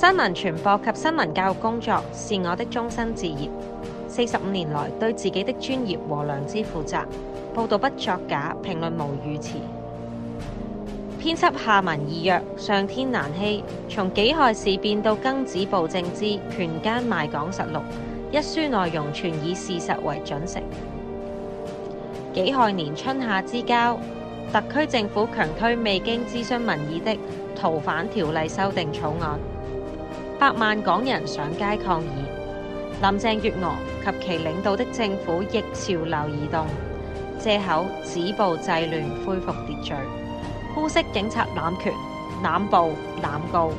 新聞傳播及新聞教育工作是我的終身志業。四十五年來，對自己的專業和良知負責，報道不作假，評論無語詞。編輯下文意約，上天難欺。從《己亥事變》到《庚子暴政》之《權奸賣港實錄》，一書內容全以事實為準繩。己亥年春夏之交，特區政府強推未經諮詢民意的《逃犯條例》修訂草案。百萬港人上街抗議，林鄭月娥及其領導的政府逆潮流而動，借口止暴制亂恢復秩序，污蔑警察濫權、濫暴、濫告。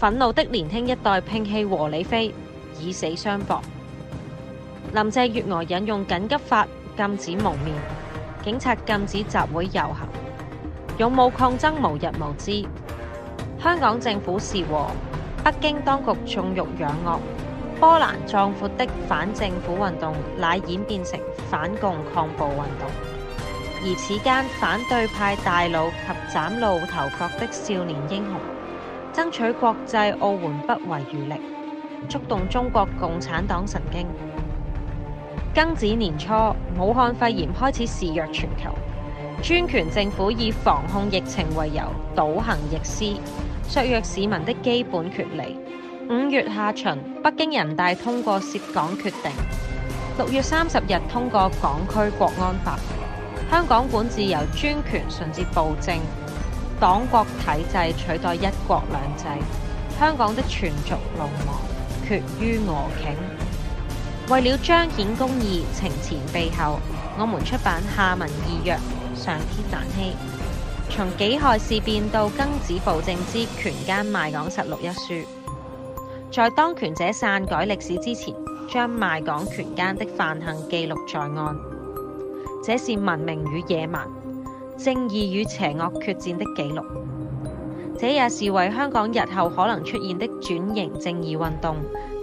憤怒的年輕一代拼氣和理非，以死相搏。林鄭月娥引用緊急法禁止蒙面，警察禁止集會遊行，勇武抗爭無日無之。香港政府是和。北京當局縱欲養惡，波瀾壯闊的反政府運動乃演變成反共抗暴運動，而此間反對派大佬及嶄露頭角的少年英雄，爭取國際奧援不遺餘力，觸動中國共產黨神經。庚子年初，武漢肺炎開始肆虐全球，專權政府以防控疫情為由，倒行逆施。削弱市民的基本權利。五月下旬，北京人大通過涉港決定；六月三十日通過港區國安法。香港管治由專權順至暴政，黨國體制取代一國兩制。香港的全族龍亡，決於俄頃。為了彰顯公義，情前備後，我們出版下文異約，上天難欺。從己亥事變到庚子暴政之權奸賣港實錄一書，在當權者篡改歷史之前，將賣港權奸的犯行記錄在案，這是文明與野蠻、正義與邪惡決戰的記錄。這也是為香港日後可能出現的轉型正義運動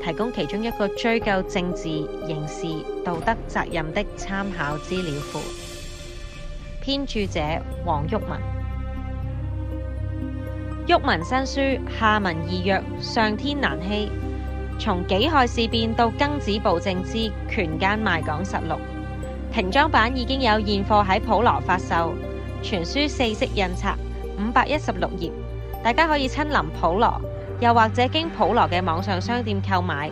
提供其中一個追究政治、刑事、道德責任的參考資料庫。編著者：黃旭文。《郁文新書》，下文易約，上天難欺。從己亥事變到庚子暴政之權奸賣港實錄平裝版，已經有現貨喺普羅發售。全書四色印刷，五百一十六頁，大家可以親臨普羅，又或者經普羅嘅網上商店購買。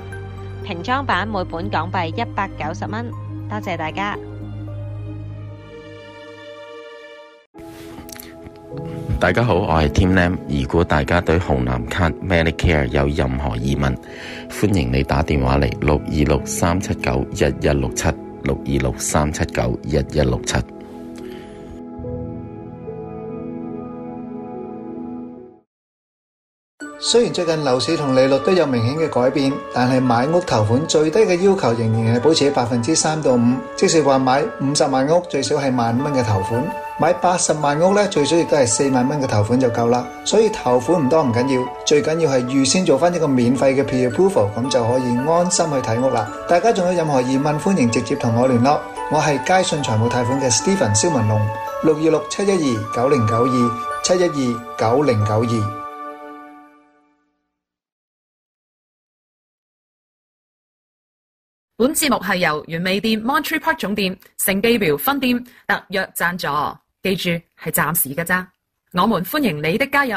平裝版每本港幣一百九十蚊。多謝大家。大家好，我係 Tim Lam。如果大家對紅藍卡 Medicare 有任何疑問，歡迎你打電話嚟，六二六三七九一一六七六二六三七九一一六七。626-379-1167, 626-379-1167。雖然最近樓市同利率都有明顯嘅改變，但係買屋頭款最低嘅要求仍然係保持喺百分之三到五，即是話，買五十萬屋最少係萬五蚊嘅頭款。買八十萬屋呢，最少亦都係四萬蚊嘅頭款就夠啦。所以頭款唔多唔緊要，最緊要係預先做翻一個免費嘅 pre approval，咁就可以安心去睇屋啦。大家仲有任何疑問，歡迎直接同我聯絡。我係佳信財務貸款嘅 Stephen 蕭文龍，六二六七一二九零九二七一二九零九二。本節目係由原味店 Monterey Park 總店、San Gabriel 分店特約贊助，記住係暫時嘅咋。我們歡迎你的加入。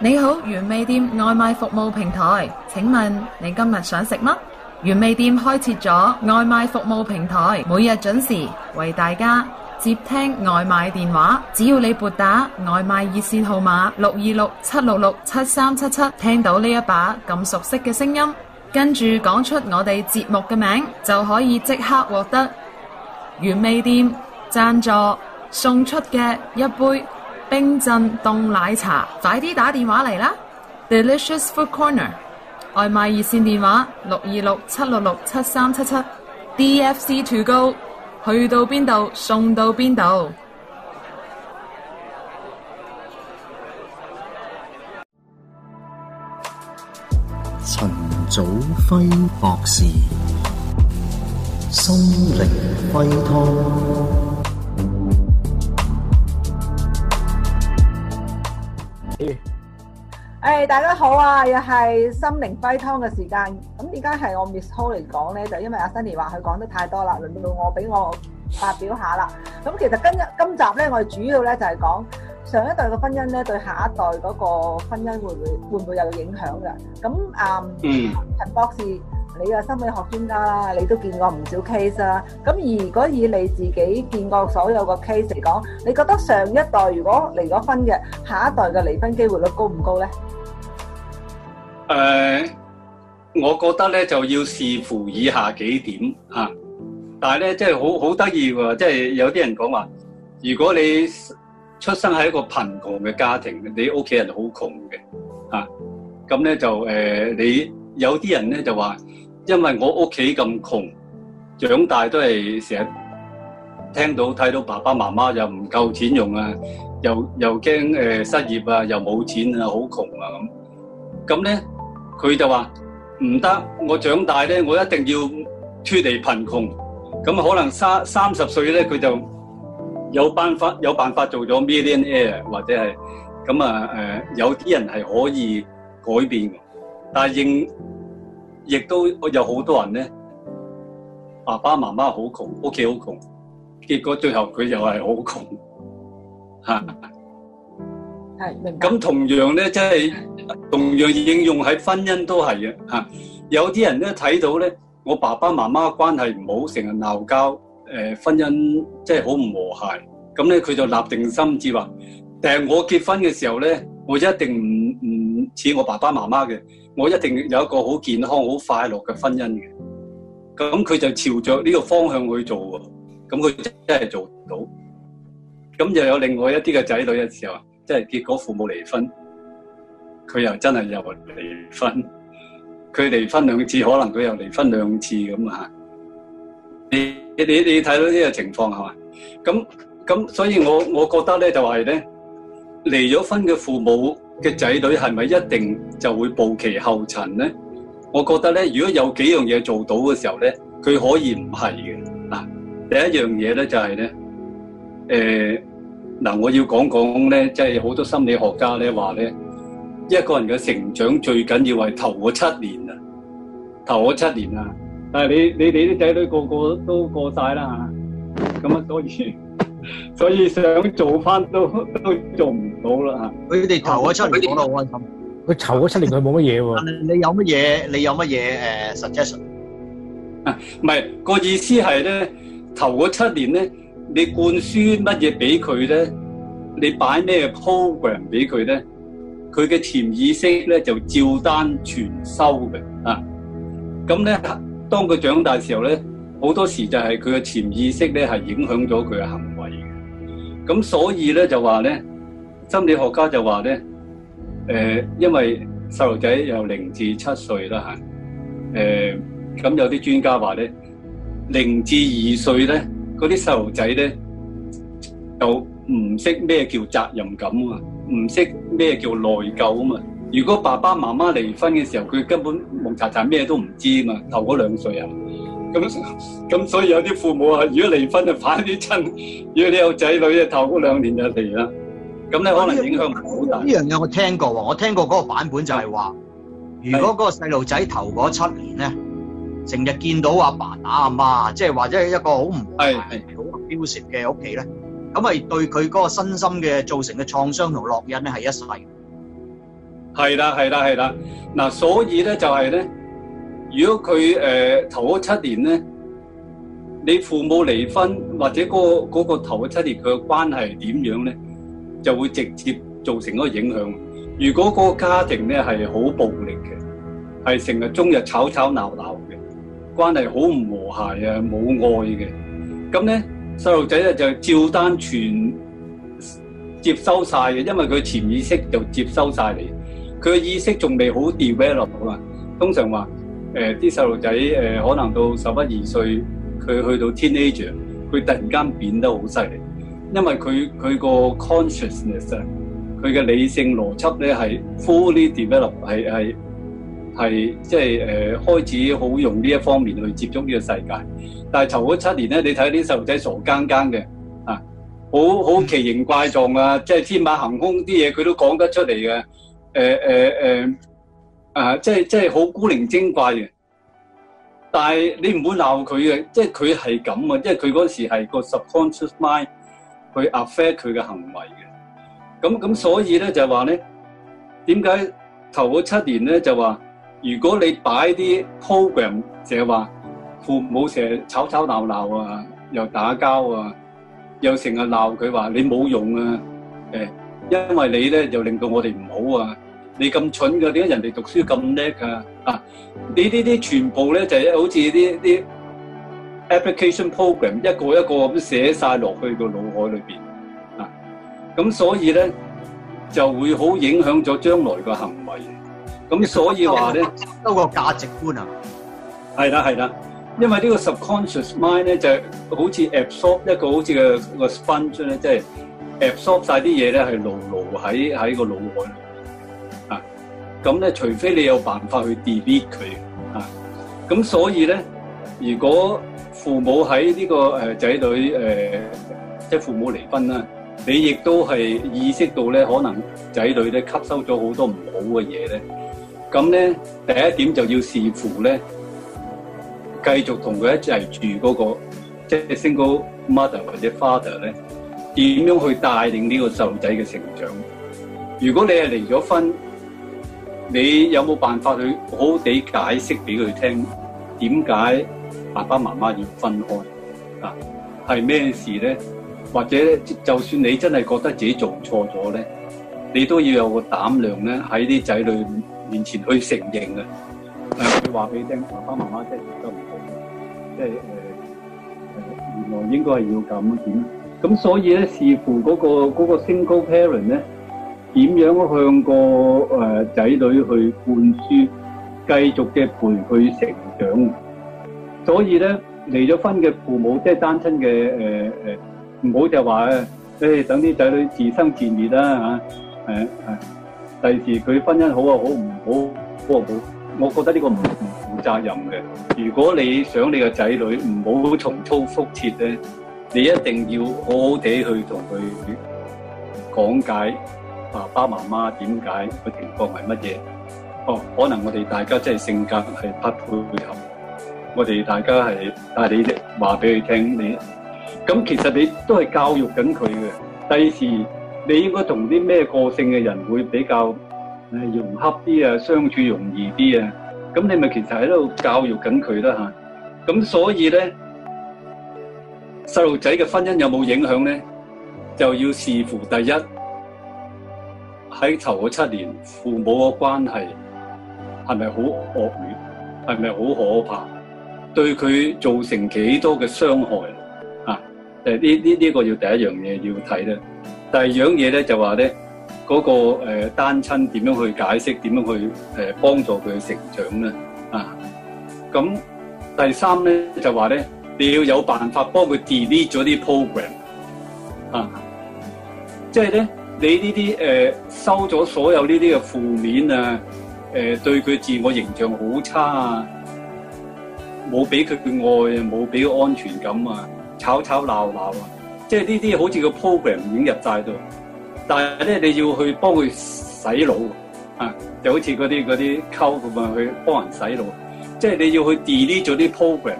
你好，原味店外賣服務平台，請問你今日想食乜？原味店開設咗外賣服務平台，每日準時為大家接聽外賣電話。只要你撥打外賣熱線號碼六二六七六六七三七七，聽到呢一把咁熟悉嘅聲音。跟住講出我哋節目嘅名，就可以即刻獲得原味店贊助送出嘅一杯冰鎮凍奶茶。快啲打電話嚟啦！Delicious Food Corner 外賣二線電話六二六七六六七三七七。D F C To Go，去到邊度送到邊度。祖輝博士，心靈輝湯。誒，大家好啊，又係心靈輝湯嘅時間。咁點解係我 Miss Ho 嚟講咧，就因為阿 Sunny 話佢講得太多啦，輪到我俾我發表下啦。咁其實今日今集咧，我哋主要咧就係講。上一代嘅婚姻咧，對下一代嗰個婚姻會唔會會唔會有影響嘅？咁啊，陳博士，你啊心理學專家啦，你都見過唔少 case 啦。咁而如果以你自己見過所有嘅 case 嚟講，你覺得上一代如果離咗婚嘅，下一代嘅離婚機會率高唔高咧？誒，我覺得咧就要視乎以下幾點嚇。但係咧，即係好好得意喎，即係有啲人講話，如果你出生喺一個貧窮嘅家庭，你屋企人好窮嘅，啊，咁咧就誒，你有啲人咧就話，因為我屋企咁窮，長大都係成日聽到睇到爸爸媽媽又唔夠錢用啊，又又驚誒失業啊，又冇錢啊，好窮啊咁，咁咧佢就話唔得，我長大咧我一定要脫離貧窮，咁可能三三十歲咧佢就。有辦法有辦法做咗 millionaire 或者係咁啊，誒有啲人係可以改變嘅，但係應亦都有好多人咧，爸爸媽媽好窮，屋企好窮，結果最後佢又係好窮嚇。係明白。咁 同樣咧，即係同樣應用喺婚姻都係啊嚇。有啲人咧睇到咧，我爸爸媽媽關係唔好，成日鬧交。誒，婚姻真係好唔和諧，咁咧佢就立定心志話，但係我結婚嘅時候咧，我一定唔唔似我爸爸媽媽嘅，我一定有一個好健康、好快樂嘅婚姻嘅。咁佢就朝着呢個方向去做喎，咁佢真係做唔到。咁又有另外一啲嘅仔女，嘅時候，即係結果父母離婚，佢又真係又離婚，佢離婚兩次，可能佢又離婚兩次咁啊。你你你睇到呢個情況係嘛？咁咁，所以我我覺得咧就係、是、咧，離咗婚嘅父母嘅仔女係咪一定就會步其後塵咧？我覺得咧，如果有幾樣嘢做到嘅時候咧，佢可以唔係嘅嗱。第一樣嘢咧就係咧，誒、呃、嗱，我要講講咧，即係好多心理學家咧話咧，一個人嘅成長最緊要係頭嗰七年啊，頭嗰七年啊。.但係你你哋啲仔女個個都過晒啦吓，咁啊所以所以想做翻都都做唔到啦。佢哋頭嗰七年，講得好開心。佢頭嗰七年，佢冇乜嘢喎。你有乜嘢？你有乜嘢？誒，suggestion 啊？唔係個意思係咧，頭嗰七年咧，你灌輸乜嘢俾佢咧？你擺咩 program 俾佢咧？佢嘅潛意識咧就照單全收嘅啊。咁咧。當佢長大時候咧，好多時就係佢嘅潛意識咧係影響咗佢嘅行為嘅。咁所以咧就話咧，心理學家就話咧，誒、呃，因為細路仔由零至七歲啦吓，誒、呃，咁有啲專家話咧，零至二歲咧，嗰啲細路仔咧，就唔識咩叫責任感啊，唔識咩叫內疚啊嘛。如果爸爸媽媽離婚嘅時候，佢根本蒙查查咩都唔知嘛，頭嗰兩歲啊，咁咁所以有啲父母啊，如果離婚就反啲親，如果你有仔女咧，頭嗰兩年就離啦，咁咧可能影響唔好大。呢樣嘢我聽過喎，我聽過嗰個版本就係話，如果嗰個細路仔頭嗰七年咧，成日見到阿爸打阿媽，即係或者係一個好唔係好標誌嘅屋企咧，咁係對佢嗰個身心嘅造成嘅創傷同烙印咧係一世。係啦，係啦，係啦。嗱、啊，所以咧就係、是、咧，如果佢誒、呃、頭七年咧，你父母離婚或者嗰、那、嗰、個那個頭七年佢嘅關係點樣咧，就會直接造成一個影響。如果個家庭咧係好暴力嘅，係成日中日吵吵鬧鬧嘅，關係好唔和諧啊，冇愛嘅，咁咧細路仔咧就照單全接收晒嘅，因為佢潛意識就接收晒你。佢嘅意識仲未好 develop 啊嘛。通常話，誒啲細路仔誒可能到十一二歲，佢去到 teenager，佢突然間變得好犀利，因為佢佢個 consciousness，佢嘅理性邏輯咧係 fully develop，係係係即係誒、即係誒、開始好用呢一方面去接觸呢個世界。但係頭嗰七年咧，你睇啲細路仔傻更更嘅啊，好好奇形怪狀啊，即、即、係、係、天馬行空啲嘢佢都講得出嚟嘅。誒誒誒，啊、呃呃呃，即係即係好古靈精怪嘅，但係你唔好鬧佢嘅，即係佢係咁啊，即係佢嗰時係個 subconscious mind 去 affect 佢嘅行為嘅，咁咁所以咧就話咧，點解頭嗰七年咧就話，如果你擺啲 program，就係話父母成日吵吵鬧鬧啊，又打交啊，又成日鬧佢話你冇用啊，誒、欸。因為你咧，就令到我哋唔好啊！你咁蠢嘅，點解人哋讀書咁叻啊？啊！你呢啲全部咧，就係好似啲啲 application program 一個一個咁寫曬落去個腦海裏邊啊！咁所以咧，就會好影響咗將來嘅行為。咁所以話咧，都個價值觀啊，係啦係啦，因為呢個 subconscious mind 咧，就好似 absorb 一個好似嘅個 sponge 咧，即係。Absorb 晒啲嘢咧，係牢牢喺喺個腦海啊！咁咧，除非你有辦法去 delete 佢啊！咁所以咧，如果父母喺呢個誒仔女誒，即係父母離婚啦，你亦都係意識到咧，可能仔女咧，吸收咗好多唔好嘅嘢咧。咁咧，第一點就要視乎咧，繼續同佢一齊住嗰、那個，即係 Single mother 或者 father 咧。點樣去帶領呢個細路仔嘅成長？如果你係離咗婚，你有冇辦法去好地解釋俾佢聽？點解爸爸媽媽要分開啊？係咩事咧？或者就算你真係覺得自己做錯咗咧，你都要有個膽量咧喺啲仔女面前去承認嘅。誒，佢話 俾你聽，爸爸媽媽真係做得唔好，即係誒，原、呃、來應該係要咁點。咁所以咧，視乎嗰、嗰個嗰個 single parent 咧，點樣向個誒仔女去灌輸，繼續嘅陪佢成長。所以咧，離咗婚嘅父母即係單親嘅誒誒，唔、呃、好就話咧，誒等啲仔女自生自滅啦嚇，係啊，啊，啊第二時佢婚姻好啊好唔好，好啊好，我覺得呢個唔唔負責任嘅。如果你想你嘅仔女唔好重操覆轍咧。你一定要好好地去同佢講解爸爸媽媽點解個情況係乜嘢？哦，可能我哋大家真係性格係不配合，我哋大家係帶你話俾佢聽，你咁其實你都係教育緊佢嘅。第二時，你應該同啲咩個性嘅人會比較誒融洽啲啊，相處容易啲啊。咁你咪其實喺度教育緊佢啦嚇。咁所以咧。細路仔嘅婚姻有冇影響咧？就要視乎第一，喺頭七年父母嘅關係係咪好惡劣，係咪好可怕，對佢造成幾多嘅傷害啊？誒，呢呢呢個要第一樣嘢要睇啦。第二樣嘢咧就話咧，嗰個誒單親點樣去解釋，點樣去誒幫助佢成長咧？啊，咁第三咧就話咧。你要有辦法幫佢 delete 咗啲 program 啊！即係咧，你呢啲誒收咗所有呢啲嘅負面啊，誒、呃、對佢自我形象好差啊，冇俾佢嘅愛啊，冇俾佢安全感啊，吵吵鬧鬧啊！即係呢啲好似個 program 已經入晒度，但係咧你要去幫佢洗腦啊，就好似嗰啲啲溝咁啊，去幫人洗腦，即係你要去 delete 咗啲 program。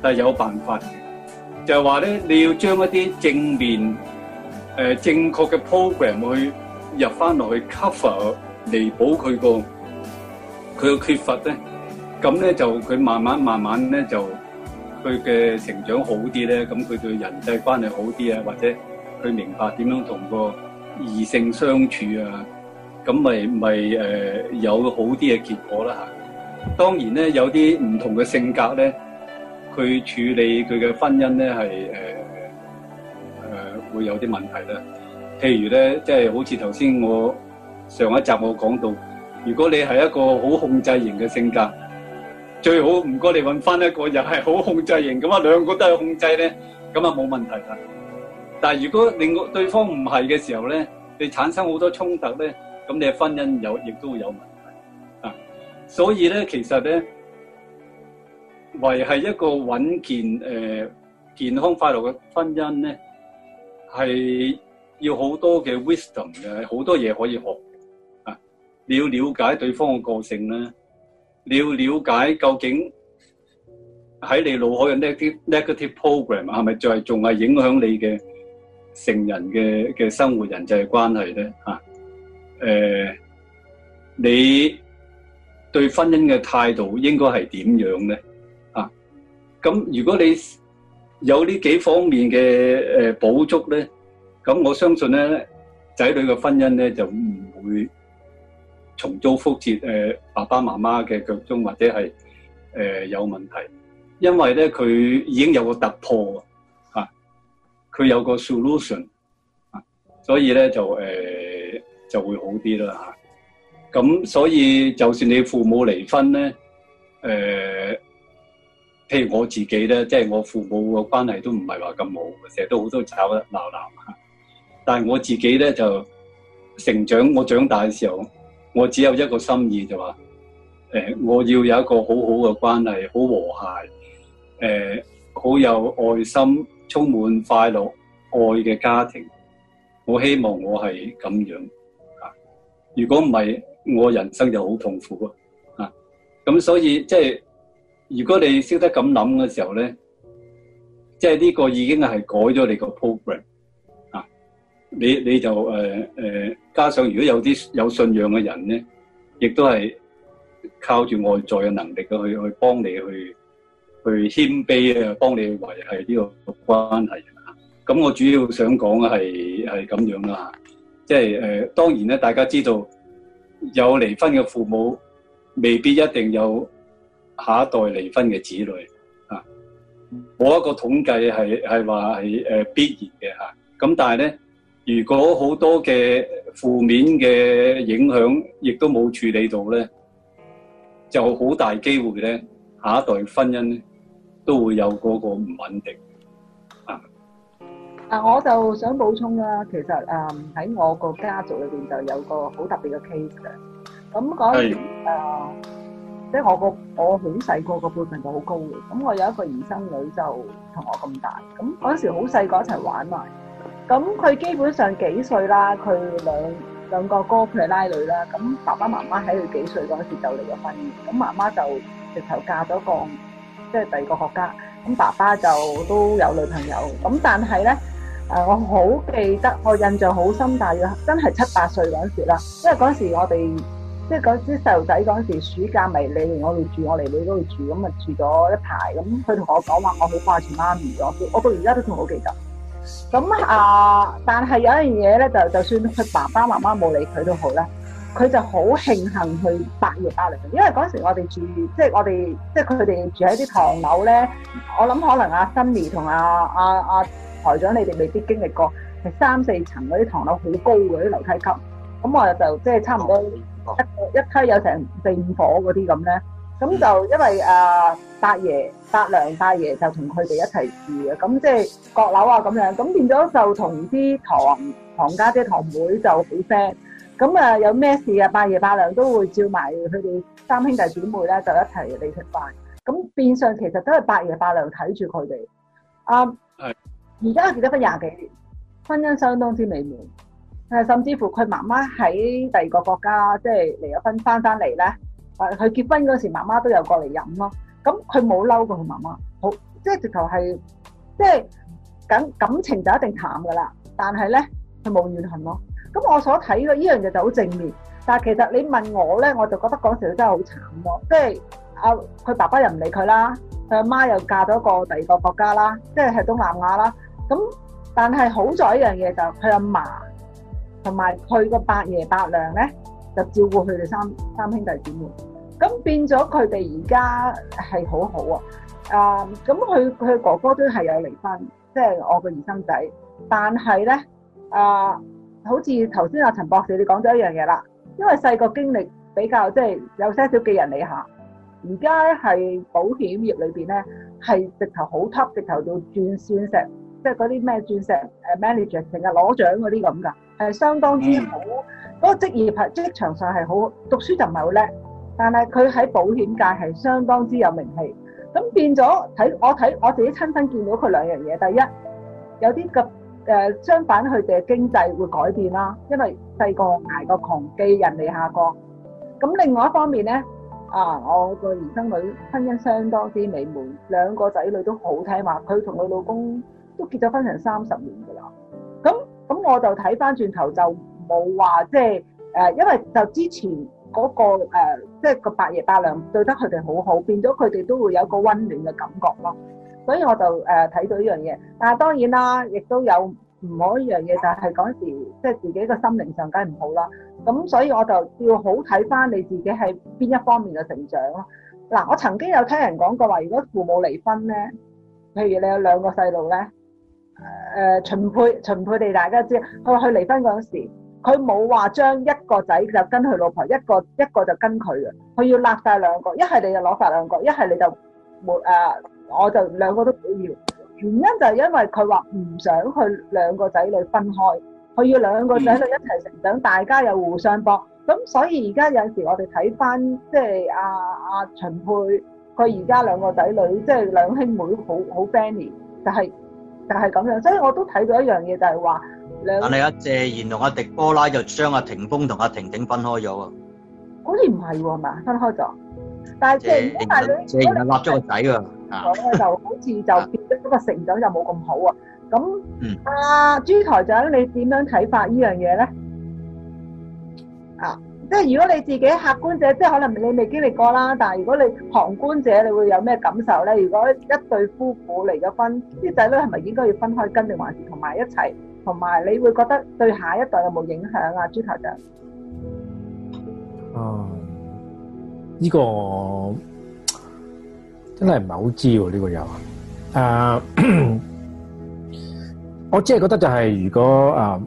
但係有辦法嘅，就係話咧，你要將一啲正面、誒、呃、正確嘅 program 去入翻落去，cover，彌補佢個佢嘅缺乏咧。咁咧就佢慢慢慢慢咧就佢嘅成長好啲咧，咁佢對人際關係好啲啊，或者佢明白點樣同個異性相處啊，咁咪咪誒有好啲嘅結果啦嚇。當然咧，有啲唔同嘅性格咧。佢處理佢嘅婚姻咧係誒誒會有啲問題咧，譬如咧即係好似頭先我上一集我講到，如果你係一個好控制型嘅性格，最好唔該你搵返一個人係好控制型咁啊，兩個都係控制咧，咁啊冇問題啦。但係如果令對方唔係嘅時候咧，你產生好多衝突咧，咁你嘅婚姻有亦都會有問題啊。所以咧，其實咧，維係一個穩健、誒健康、快樂嘅婚姻咧，係要好多嘅 wisdom 嘅，好多嘢可以學啊！你要了解對方嘅個性啦，你要了解究竟喺你腦海嘅 negative negative program 係咪就係仲係影響你嘅成人嘅嘅生活人際關係咧？吓，誒，你對婚姻嘅態度應該係點樣咧？咁如果你有呢幾方面嘅誒、呃、補足咧，咁我相信咧，仔女嘅婚姻咧就唔會重蹈覆轍誒、呃、爸爸媽媽嘅腳蹤，或者係誒、呃、有問題，因為咧佢已經有個突破啊，佢有個 solution 啊，所以咧就誒、呃、就會好啲啦嚇。咁、啊、所以就算你父母離婚咧，誒、呃。譬如我自己咧，即係我父母嘅關係都唔係話咁好，成日都好多吵鬧鬧。但係我自己咧就成長，我長大嘅時候，我只有一個心意就話：誒，我要有一個好好嘅關係，好和諧，誒，好有愛心，充滿快樂愛嘅家庭。我希望我係咁樣啊。如果唔係，我人生就好痛苦啊！咁所以即係。就是如果你識得咁諗嘅時候咧，即係呢個已經係改咗你個 program 啊！你你就誒、呃、加上如果有啲有信仰嘅人咧，亦都係靠住外在嘅能力嘅去去幫你去去謙卑啊，幫你維係呢個關係！咁我主要想講係係咁樣啦，吓，即係誒，當然咧，大家知道有離婚嘅父母未必一定有。下一代離婚嘅子女啊，我一個統計係係話係誒必然嘅嚇。咁但係咧，如果好多嘅負面嘅影響，亦都冇處理到咧，就好大機會咧，下一代婚姻咧都會有嗰個唔穩定。啊！啊！我就想補充啦，其實誒喺我個家族裏邊就有個好特別嘅 case 嘅。咁講誒。即係我個我好細個個輩份就好高嘅，咁我有一個兒生女就同我咁大，咁嗰陣時好細個一齊玩埋，咁佢基本上幾歲啦？佢兩兩個哥佢係拉女啦，咁爸爸媽媽喺佢幾歲嗰陣時就離咗婚嘅，咁媽媽就直頭嫁咗個即係第二個國家，咁爸爸就都有女朋友，咁但係咧誒，我好記得我印象好深，大約真係七八歲嗰陣時啦，因為嗰陣時我哋。即係嗰時細路仔嗰陣時，暑假咪你我嚟住，我嚟你嗰度住，咁咪住咗一排。咁佢同我講話，我好掛住媽咪咗。我到而家都仲好記得。咁啊，但係有一樣嘢咧，就就算佢爸爸媽媽冇理佢都好咧，佢就好慶幸去八月巴黎。因為嗰陣時我哋住，即係我哋即係佢哋住喺啲唐樓咧。我諗可能阿辛尼同阿阿阿台長，你哋未必經歷過，係三四層嗰啲唐樓好高嘅啲樓梯級。咁我就即係差唔多。一個一梯有成四五夥嗰啲咁咧，咁就因為啊，八爺八娘、八爺就同佢哋一齊住嘅，咁即係閣樓啊咁樣，咁變咗就同啲堂堂家姐堂妹就好 friend。咁啊有咩事啊，八爺八娘都會照埋佢哋三兄弟姊妹咧，就一齊嚟食飯。咁變相其實都係八爺八娘睇住佢哋。啊，而家結咗個廿幾年，婚姻相當之美滿。誒，甚至乎佢媽媽喺第二個國家，即係離咗婚翻返嚟咧。誒，佢結婚嗰時，媽媽都有過嚟飲咯。咁佢冇嬲過佢媽媽，好，即係直頭係，即係感感情就一定淡噶啦。但係咧，佢冇怨恨咯。咁我所睇嘅呢樣嘢就好正面。但係其實你問我咧，我就覺得嗰時，真係好慘咯。即係阿佢爸爸又唔理佢啦，佢阿媽又嫁咗個第二個國家啦，即係係東南亞啦。咁但係好在一樣嘢就佢阿嫲。同埋佢個伯爺伯娘咧，就照顧佢哋三三兄弟姊妹，咁變咗佢哋而家係好好啊！啊、呃，咁佢佢哥哥都係有離婚，即係我個兒生仔，但係咧啊，好似頭先阿陳博士你講咗一樣嘢啦，因為細個經歷比較即係有些少寄人籬下，而家係保險業裏邊咧係直頭好 top，直頭到鑽鑽石，即係嗰啲咩鑽石誒、uh, manager，成日攞獎嗰啲咁㗎。係相當之好，嗰個職業係職場上係好讀書就唔係好叻，但係佢喺保險界係相當之有名氣。咁變咗睇我睇我自己親身見到佢兩樣嘢，第一有啲嘅誒相反，佢哋經濟會改變啦，因為細個捱過窮寄人籬下。咁另外一方面咧，啊我個兒孫女婚姻相當之美滿，兩個仔女都好聽話，佢同佢老公都結咗婚成三十年㗎啦。咁咁我就睇翻轉頭就冇話即係誒，因為就之前嗰、嗰個即係、呃即係、個伯爺伯娘對得佢哋好好，變咗佢哋都會有個温暖嘅感覺咯。所以我就睇、呃、到一樣嘢，但係當然啦，亦都有唔好一樣嘢，就係嗰陣時即係自己個心靈上梗係唔好啦。咁所以我就要好睇翻你自己喺邊一方面嘅成長咯。嗱，我曾經有聽人講過話，如果父母離婚咧，譬如你有兩個細路咧。誒，秦沛秦沛哋，大家知佢話佢離婚嗰陣時，佢冇話將一個仔就跟佢老婆，一個一個就跟佢嘅。佢要攞曬兩個，一係你就攞曬兩個，一係你就冇誒，我就兩個都唔要。原因就係因為佢話唔想佢兩個仔女分開，佢要兩個仔女一齊成長，大家又互相幫。咁所以而家有陣時，我哋睇翻即係阿阿秦沛佢而家兩個仔女，即係兩兄妹好好 friend 嘅，就係。就係咁樣，所以我都睇到一樣嘢，就係話兩。但係阿謝賢同阿迪波拉就將阿霆鋒同阿婷婷分開咗喎。好似唔係喎嘛，分開咗。但係謝賢，但係佢，佢又揦咗個仔喎。啊，就好似就變咗嗰個成長就冇咁好喎。咁啊，朱台長，你點樣睇法呢樣嘢咧？即係如果你自己客觀者，即係可能你未經歷過啦。但係如果你旁觀者，你會有咩感受咧？如果一對夫婦離咗婚，啲仔女係咪應該要分開跟定還是同埋一齊？同埋你會覺得對下一代有冇影響豬啊？豬頭長，哦，依、這個真係唔係好知喎呢個又啊， 我只係覺得就係、是、如果啊。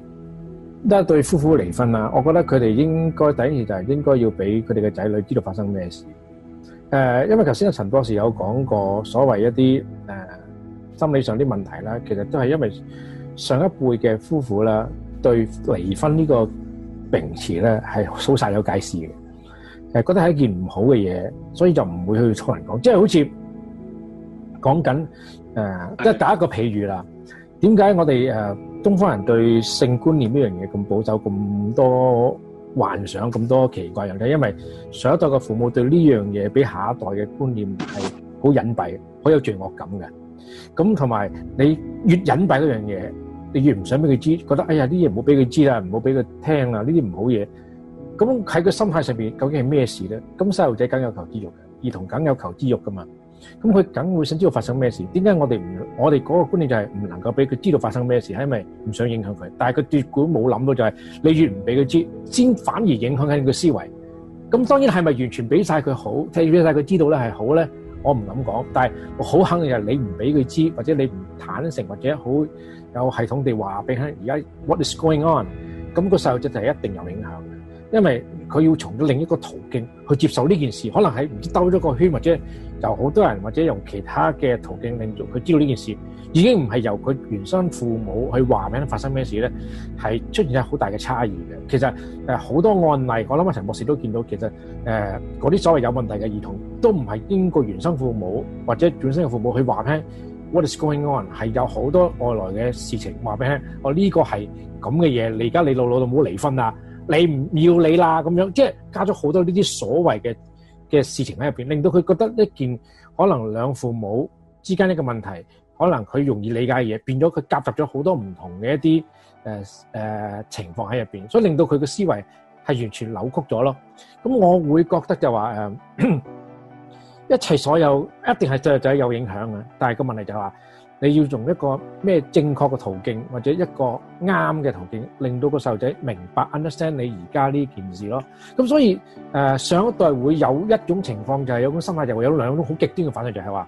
一對夫婦離婚啦，我覺得佢哋應該第一件事就係應該要俾佢哋嘅仔女知道發生咩事。誒、呃，因為頭先阿陳博士有講過所謂一啲誒、呃、心理上啲問題啦，其實都係因為上一輩嘅夫婦啦，對離婚呢個名詞咧係好晒有解釋嘅，係、呃、覺得係一件唔好嘅嘢，所以就唔會去出嚟講，即係好似講緊誒，即、呃、係打一個譬喻啦。點解我哋誒？呃東方人對性觀念呢樣嘢咁保守，咁多幻想，咁多奇怪人咧，因為上一代嘅父母對呢樣嘢比下一代嘅觀念係好隱蔽，好有罪惡感嘅。咁同埋你越隱蔽嗰樣嘢，你越唔想俾佢知，覺得哎呀啲嘢唔好俾佢知啦，唔好俾佢聽啦，呢啲唔好嘢。咁喺個心態上邊究竟係咩事咧？咁細路仔梗有求知慾嘅，兒童梗有求知慾噶嘛。咁佢梗會想知道發生咩事？點解我哋唔，我哋嗰個觀念就係唔能夠俾佢知道發生咩事，係因為唔想影響佢。但係佢斷估冇諗到就係，你越唔俾佢知道，先反而影響緊佢思維。咁當然係咪完全俾晒佢好？即係俾晒佢知道咧係好咧？我唔敢講，但係好肯定就係你唔俾佢知道，或者你唔坦誠，或者好有系統地話俾佢。而家 what is going on？咁個細路仔就係一定有影響，因為佢要從咗另一個途徑去接受呢件事，可能係唔知兜咗個圈或者。有好多人或者用其他嘅途徑令到佢知道呢件事，已經唔係由佢原生父母去話俾發生咩事咧，係出現咗好大嘅差異嘅。其實誒好多案例，我諗阿陳博士都見到，其實誒嗰啲所謂有問題嘅兒童，都唔係經過原生父母或者轉生嘅父母去話俾，what is going on 係有好多外來嘅事情話俾佢，我呢個係咁嘅嘢，你而家你老老老母離婚啦，你唔要你啦咁樣，即係加咗好多呢啲所謂嘅。嘅事情喺入邊，令到佢覺得一件可能兩父母之間一個問題，可能佢容易理解嘅嘢，變咗佢夾雜咗好多唔同嘅一啲誒誒情況喺入邊，所以令到佢嘅思維係完全扭曲咗咯。咁我會覺得就話誒一切所有一定係細路仔有影響嘅，但係個問題就係話。你要用一個咩正確嘅途徑，或者一個啱嘅途徑，令到個細路仔明白 understand 你而家呢件事咯。咁所以誒上一代會有一種情況，就係有種心態，就會有兩種好極端嘅反應，就係話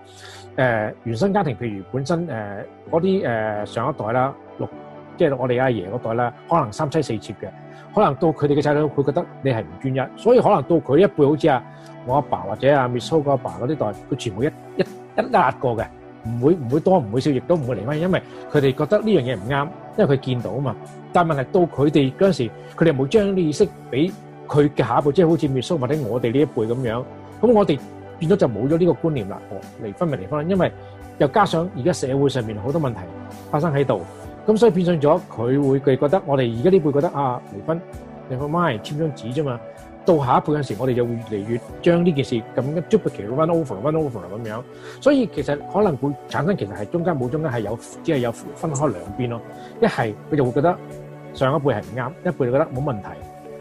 誒原生家庭，譬如本身誒嗰啲誒上一代啦，六即係我哋阿爺嗰代啦，可能三妻四妾嘅，可能到佢哋嘅仔女，佢覺得你係唔專一，所以可能到佢一輩，好似啊我阿爸或者阿 Miss Ho 個阿爸嗰啲代，佢全部一一一壓過嘅。唔會唔會多唔會少，亦都唔會離婚，因為佢哋覺得呢樣嘢唔啱，因為佢見到啊嘛。但問題到佢哋嗰陣時，佢哋冇將啲意識俾佢嘅下一步，即係好似滅穌或者我哋呢一輩咁樣。咁我哋變咗就冇咗呢個觀念啦。哦，離婚咪離婚，因為又加上而家社會上面好多問題發生喺度，咁所以變相咗佢會佢覺得我哋而家呢輩覺得啊離婚，你阿媽簽張紙啫嘛。到下一輩嗰時，我哋就會越嚟越將呢件事咁樣 duplicate over and over and over 咁樣，所以其實可能會產生其實係中間冇中間係有只係有分開兩邊咯。一係佢就會覺得上一輩係唔啱，一輩就覺得冇問題，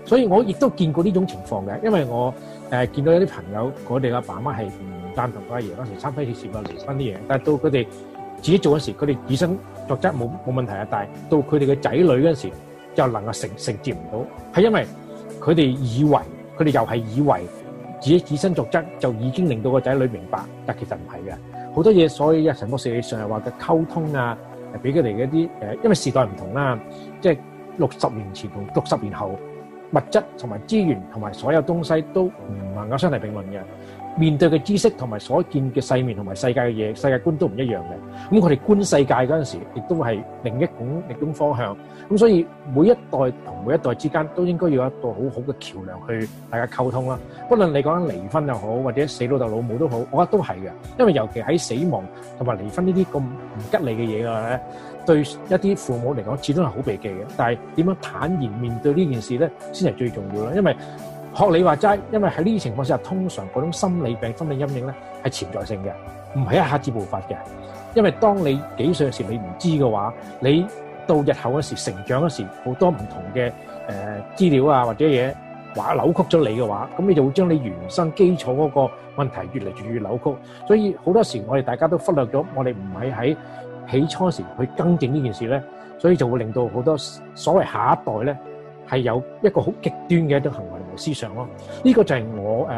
所以我亦都見過呢種情況嘅，因為我誒、呃、見到有啲朋友，我哋阿爸媽係唔贊同阿爺嗰時參飛碟、攝嗰時啲嘢，但係到佢哋自己做嗰時，佢哋以身作則冇冇問題啊。但係到佢哋嘅仔女嗰時，就能夠承承接唔到，係因為佢哋以為，佢哋又係以為自己以身作則，就已經令到個仔女明白，但其實唔係嘅。好多嘢，所以陳博士嘅常日話嘅溝通啊，俾佢哋一啲誒，因為時代唔同啦，即係六十年前同六十年後，物質同埋資源同埋所有東西都唔能夠相提並論嘅。面對嘅知識同埋所見嘅世面同埋世界嘅嘢、世界觀都唔一樣嘅。咁佢哋觀世界嗰陣時，亦都係另一種另一種方向。咁所以每一代同每一代之間都應該要有一個好好嘅橋梁去大家溝通啦。不論你講緊離婚又好，或者死老豆老母都好，我覺得都係嘅。因為尤其喺死亡同埋離婚呢啲咁唔吉利嘅嘢嘅咧，對一啲父母嚟講，始終係好避忌嘅。但係點樣坦然面對呢件事咧，先係最重要啦。因為學你話齋，因為喺呢啲情況之下，通常嗰種心理病、心理陰影咧係潛在性嘅，唔係一下子爆發嘅。因為當你幾歲嘅時候，你唔知嘅話，你到日後嘅時候成長嘅時候，好多唔同嘅誒資料啊，或者嘢話扭曲咗你嘅話，咁你就會將你原生基礎嗰個問題越嚟越越扭曲。所以好多時候我哋大家都忽略咗，我哋唔係喺起初時去更正呢件事咧，所以就會令到好多所謂下一代咧係有一個好極端嘅一啲行為。思想咯，呢、這個就係我誒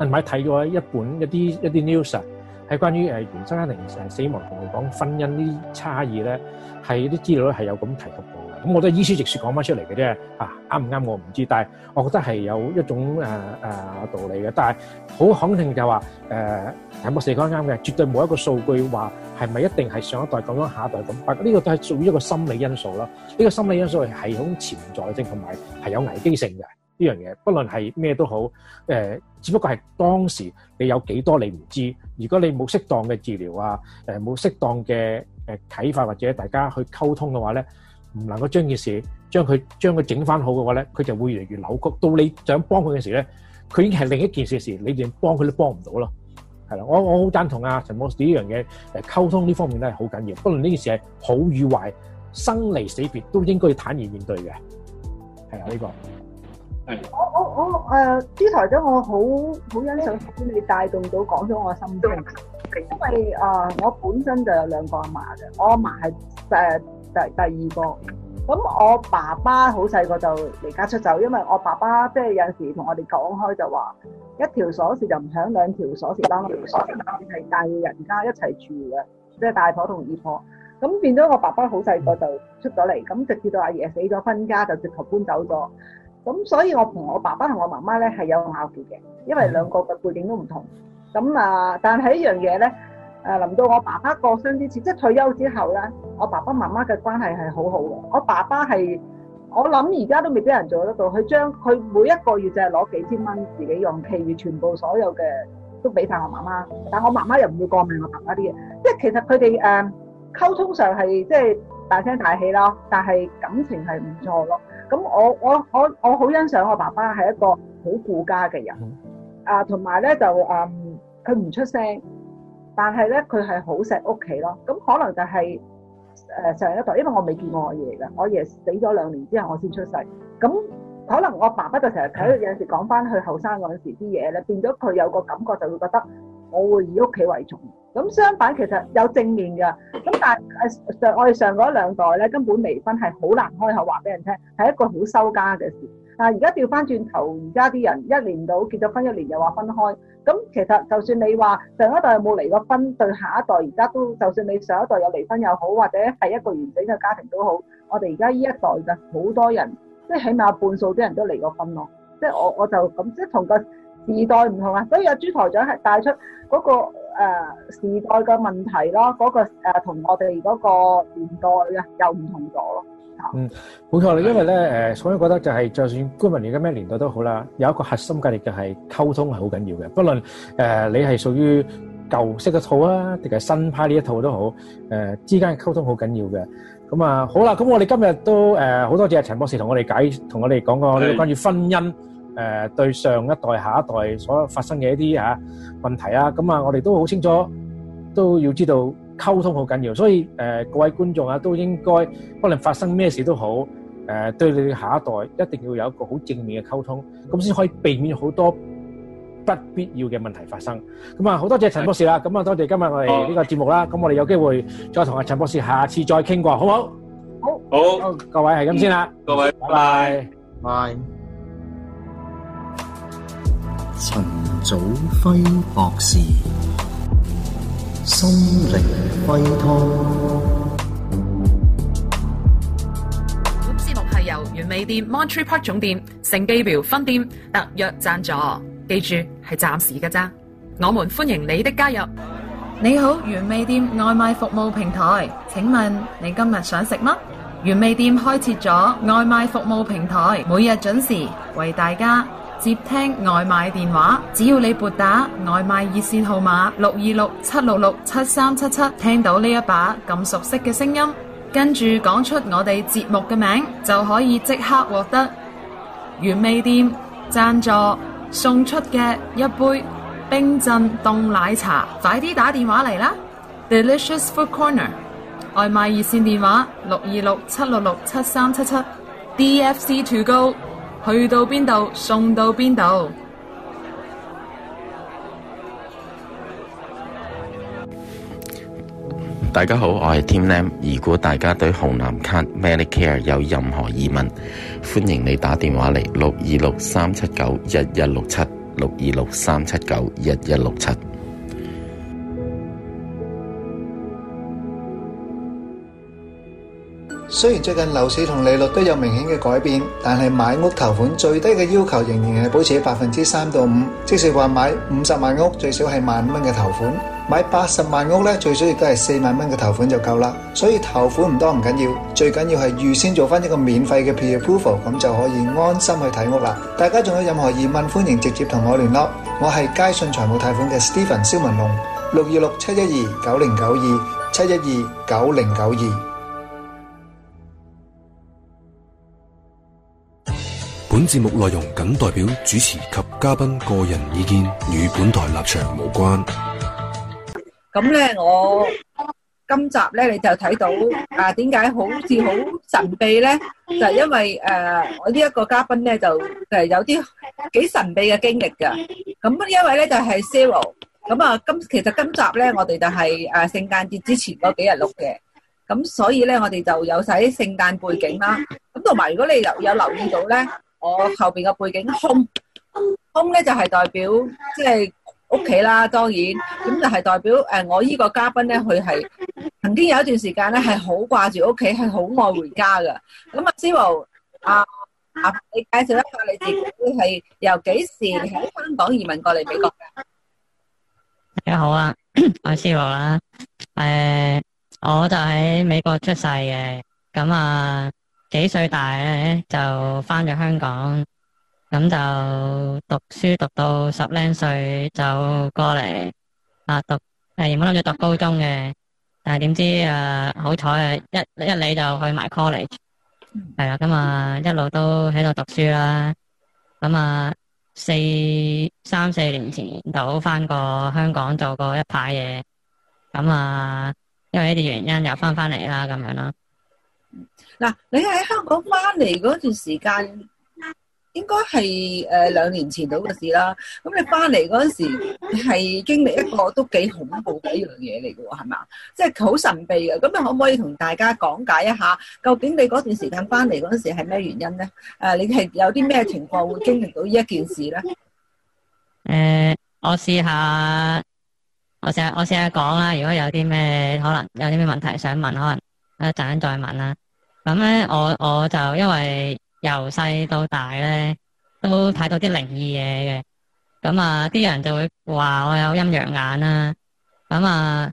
近排睇咗一本一啲一啲 news 啊，係關於誒原生家庭誒死亡同佢講婚姻啲差異咧，係啲資料係有咁提及到嘅。咁我都依書直說講翻出嚟嘅啫，嚇啱唔啱我唔知道，但係我覺得係有一種誒誒、呃呃、道理嘅。但係好肯定就話誒陳博士講啱嘅，絕對冇一個數據話係咪一定係上一代咁樣，下一代咁。不、這、呢個都係屬於一個心理因素咯。呢、這個心理因素係有潛在性同埋係有危機性嘅。呢樣嘢，不論係咩都好，誒、呃，只不過係當時你有幾多你唔知。如果你冇適當嘅治療啊，誒、呃，冇適當嘅誒啟發或者大家去溝通嘅話咧，唔能夠將件事將佢將佢整翻好嘅話咧，佢就會越嚟越扭曲。到你想幫佢嘅時咧，佢已經係另一件事嘅事，你連幫佢都幫唔到咯。係啦，我我好贊同啊，陳博士呢樣嘢誒溝通呢方面咧係好緊要。不論呢件事係好與壞，生離死別都應該要坦然面對嘅。係啊，呢、呢個。我我我誒，祖台長，我好好、呃、欣賞你帶動到講咗我心聲，因為啊、呃，我本身就有兩個阿嫲嘅，我阿嫲係誒第第二個，咁我爸爸好細個就離家出走，因為我爸爸即係有陣時同我哋講開就話一條鎖匙就唔響兩條鎖匙啦，係大戶人家一齊住嘅，即係大婆同二婆，咁變咗我爸爸好細個就出咗嚟，咁直至到阿爺死咗分家就直頭搬走咗。咁所以，我同我爸爸同我媽媽咧係有拗撬嘅，因為兩個嘅背景都唔同。咁啊，但係一樣嘢咧，誒臨到我爸爸過身之前，即係退休之後咧，我爸爸媽媽嘅關係係好好嘅。我爸爸係我諗而家都未必有人做得到，佢將佢每一個月就係攞幾千蚊自己用，其餘全部所有嘅都俾曬我媽媽。但係我媽媽又唔會過問我爸爸啲嘢，即係其實佢哋誒溝通上係即係大聲大氣啦，但係感情係唔錯咯。咁我我我我好欣賞我爸爸係一個好顧家嘅人，啊，同埋咧就嗯佢唔出聲，但係咧佢係好錫屋企咯。咁可能就係誒上一代，因為我未見過我爺嘅，我爺死咗兩年之後我先出世，咁可能我爸爸就成日睇佢有時講翻佢後生嗰陣時啲嘢咧，變咗佢有個感覺就會覺得。我會以屋企為重，咁相反其實有正面嘅，咁但係就我哋上嗰兩代咧，根本離婚係好難開口話俾人聽，係一個好收家嘅事。嗱，而家調翻轉頭，而家啲人一年到結咗婚，一年又話分開，咁其實就算你話上一代有冇離過婚，對下一代而家都，就算你上一代有離婚又好，或者係一個完整嘅家庭都好，我哋而家呢一代就好多人，即係起碼半數啲人都離過婚咯。即係我我就咁，即係同個。時代唔同啊，所以阿朱台長係帶出嗰個誒時代嘅問題咯，嗰個誒同我哋嗰個年代啊又唔同咗咯。嗯，冇錯啦，因為咧誒，所以覺得就係，就算居民而家咩年代都好啦，有一個核心價值嘅係溝通係好緊要嘅，不論誒你係屬於舊式嘅套啊，定係新派呢一套都好，誒之間嘅溝通好緊要嘅。咁啊，好啦，咁我哋今日都誒好多謝陳博士同我哋解，同我哋講過呢個關於婚姻。誒，對上一代、下一代所發生嘅一啲啊問題啊，咁啊，我哋都好清楚，都要知道溝通好緊要，所以誒，各位觀眾啊，都應該不論發生咩事都好，誒，對你哋下一代一定要有一個好正面嘅溝通，咁先可以避免好多不必要嘅問題發生。咁啊，好多謝陳博士啦，咁啊，多謝今日我哋呢個節目啦，咁我哋有機會再同阿陳博士下次再傾過，好唔好？好，好，各位係咁先啦，各位，拜拜，拜。陳祖輝博士心靈輝湯。本節目係由原味店 Montreal Park 總店、聖基廟分店特約贊助，記住係暫時噶咋。我們歡迎你的加入。你好，原味店外賣服務平台，請問你今日想食乜？原味店開設咗外賣服務平台，每日準時為大家接聽外賣電話，只要你撥打外賣熱線號碼六二六七六六七三七七，聽到呢一把咁熟悉嘅聲音，跟住講出我哋節目嘅名，就可以即刻獲得原味店讚助送出嘅一杯冰鎮凍奶茶。快啲打電話嚟啦！Delicious Food Corner 外賣熱線電話六二六七六六七三七七，D F C To Go。去到邊度送到邊度？大家好，我係 Tim Lam。如果大家對紅藍卡 Medicare 有任何疑問，歡迎你打電話嚟六二六三七九一一六七，六二六三七九一一六七。雖然最近樓市同利率都有明顯嘅改變，但係買屋頭款最低嘅要求仍然係保持喺百分之三到五，即是話買五十萬屋最少係萬五蚊嘅頭款，買八十萬屋呢最少亦都係四萬蚊嘅頭款就夠啦。所以頭款唔多唔緊要，最緊要係預先做翻一個免費嘅 pre approval，咁就可以安心去睇屋啦。大家仲有任何疑問，歡迎直接同我聯絡。我係佳信財務貸款嘅 Stephen 蕭文龍，六二六七一二九零九二七一二九零九二。本節目內容僅代表主持及嘉賓個人意見，與本台立場無關。咁咧，我今集咧你就睇到啊？點解好似好神秘咧？就係因為，誒，我呢一個嘉賓咧就誒有啲幾神秘嘅經歷噶。咁呢一位咧就係 Zero。咁啊，今其實今集咧我哋就係誒聖誕節之前嗰幾日錄嘅。咁所以咧我哋就有晒啲聖誕背景啦。咁同埋如果你有有留意到咧。我後邊嘅背景空空咧就係、是、代表即係屋企啦，當然咁就係、是、代表誒，我依個嘉賓咧佢係曾經有一段時間咧係好掛住屋企，係好愛回家噶。咁阿 Zero 你介紹一下你自己，你係由幾時喺香港移民過嚟美國的？大家好啊，我係 Zero 啦，誒、uh,，我就喺美國出世嘅，咁啊。幾歲大咧就翻咗香港，咁就讀書讀到十零歲就過嚟啊讀誒，欸、原本諗住讀高中嘅，但係點知誒好彩啊，一一嚟就去埋 college，係啦，咁啊一路都喺度讀書啦，咁啊四三四年前就翻過香港做過一排嘢，咁啊因為呢啲原因又翻翻嚟啦，咁樣啦嗱，你喺香港翻嚟嗰段時間，應該係誒兩年前到嘅事啦。咁你翻嚟嗰時係經歷一個都幾恐怖嘅一樣嘢嚟嘅喎，係嘛？即係好神秘嘅。咁你可唔可以同大家講解一下，究竟你嗰段時間翻嚟嗰時係咩原因咧？誒，你係有啲咩情況會經歷到呢一件事咧？誒，我試下，我試下，我試下講啦。如果有啲咩可能，有啲咩問題想問，可能一陣間再問啦。咁咧，我我就因為由細到大咧，都睇到啲靈異嘢嘅，咁啊啲人就會話我有陰陽眼啦，咁啊，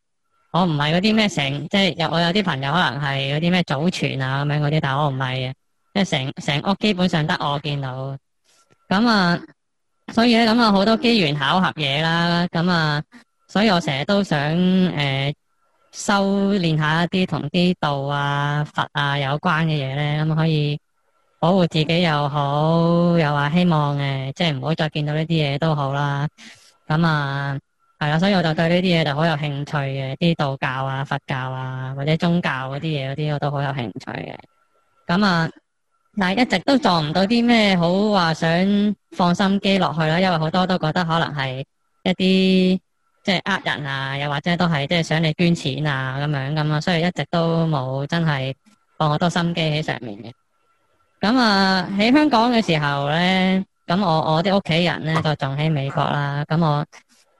我唔係嗰啲咩成，即係有我有啲朋友可能係嗰啲咩祖傳啊咁樣嗰啲，但係我唔係嘅，即係成成屋基本上得我見到，咁啊，所以咧咁啊好多機緣巧合嘢啦，咁啊，所以我成日都想誒，呃修煉下一啲同啲道啊、佛啊有關嘅嘢呢，咁可以保護自己又好，又話希望誒，即係唔好再見到呢啲嘢都好啦。咁啊，係啦，所以我就對呢啲嘢就好有興趣嘅，啲道教啊、佛教啊或者宗教嗰啲嘢嗰啲，我都好有興趣嘅。咁啊，但係一直都撞唔到啲咩好話想放心機落去啦，因為好多都覺得可能係一啲。即係呃人啊，又或者都係即係想你捐錢啊，咁樣咁啊，所以一直都冇真係放好多心機喺上面嘅。咁啊，喺香港嘅時候咧，咁我我啲屋企人咧就仲喺美國啦。咁我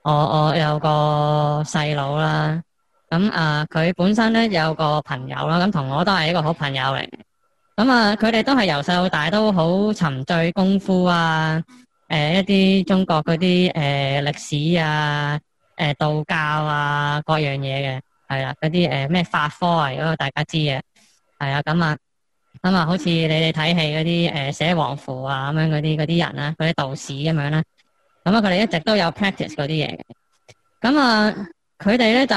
我我有個細佬啦。咁啊，佢本身咧有個朋友啦，咁同我都係一個好朋友嚟。咁啊，佢哋都係由細到大都好沉醉功夫啊，誒、呃、一啲中國嗰啲誒歷史啊。誒道教啊，各樣嘢嘅，係啦，嗰啲咩法科啊，如果大家知嘅，係、嗯呃、啊，咁啊，咁啊，好似你哋睇戲嗰啲寫黃符啊，咁樣嗰啲嗰啲人啊，嗰啲道士咁樣啦，咁、嗯、啊，佢哋一直都有 practice 嗰啲嘢。嘅、嗯。咁啊，佢哋咧就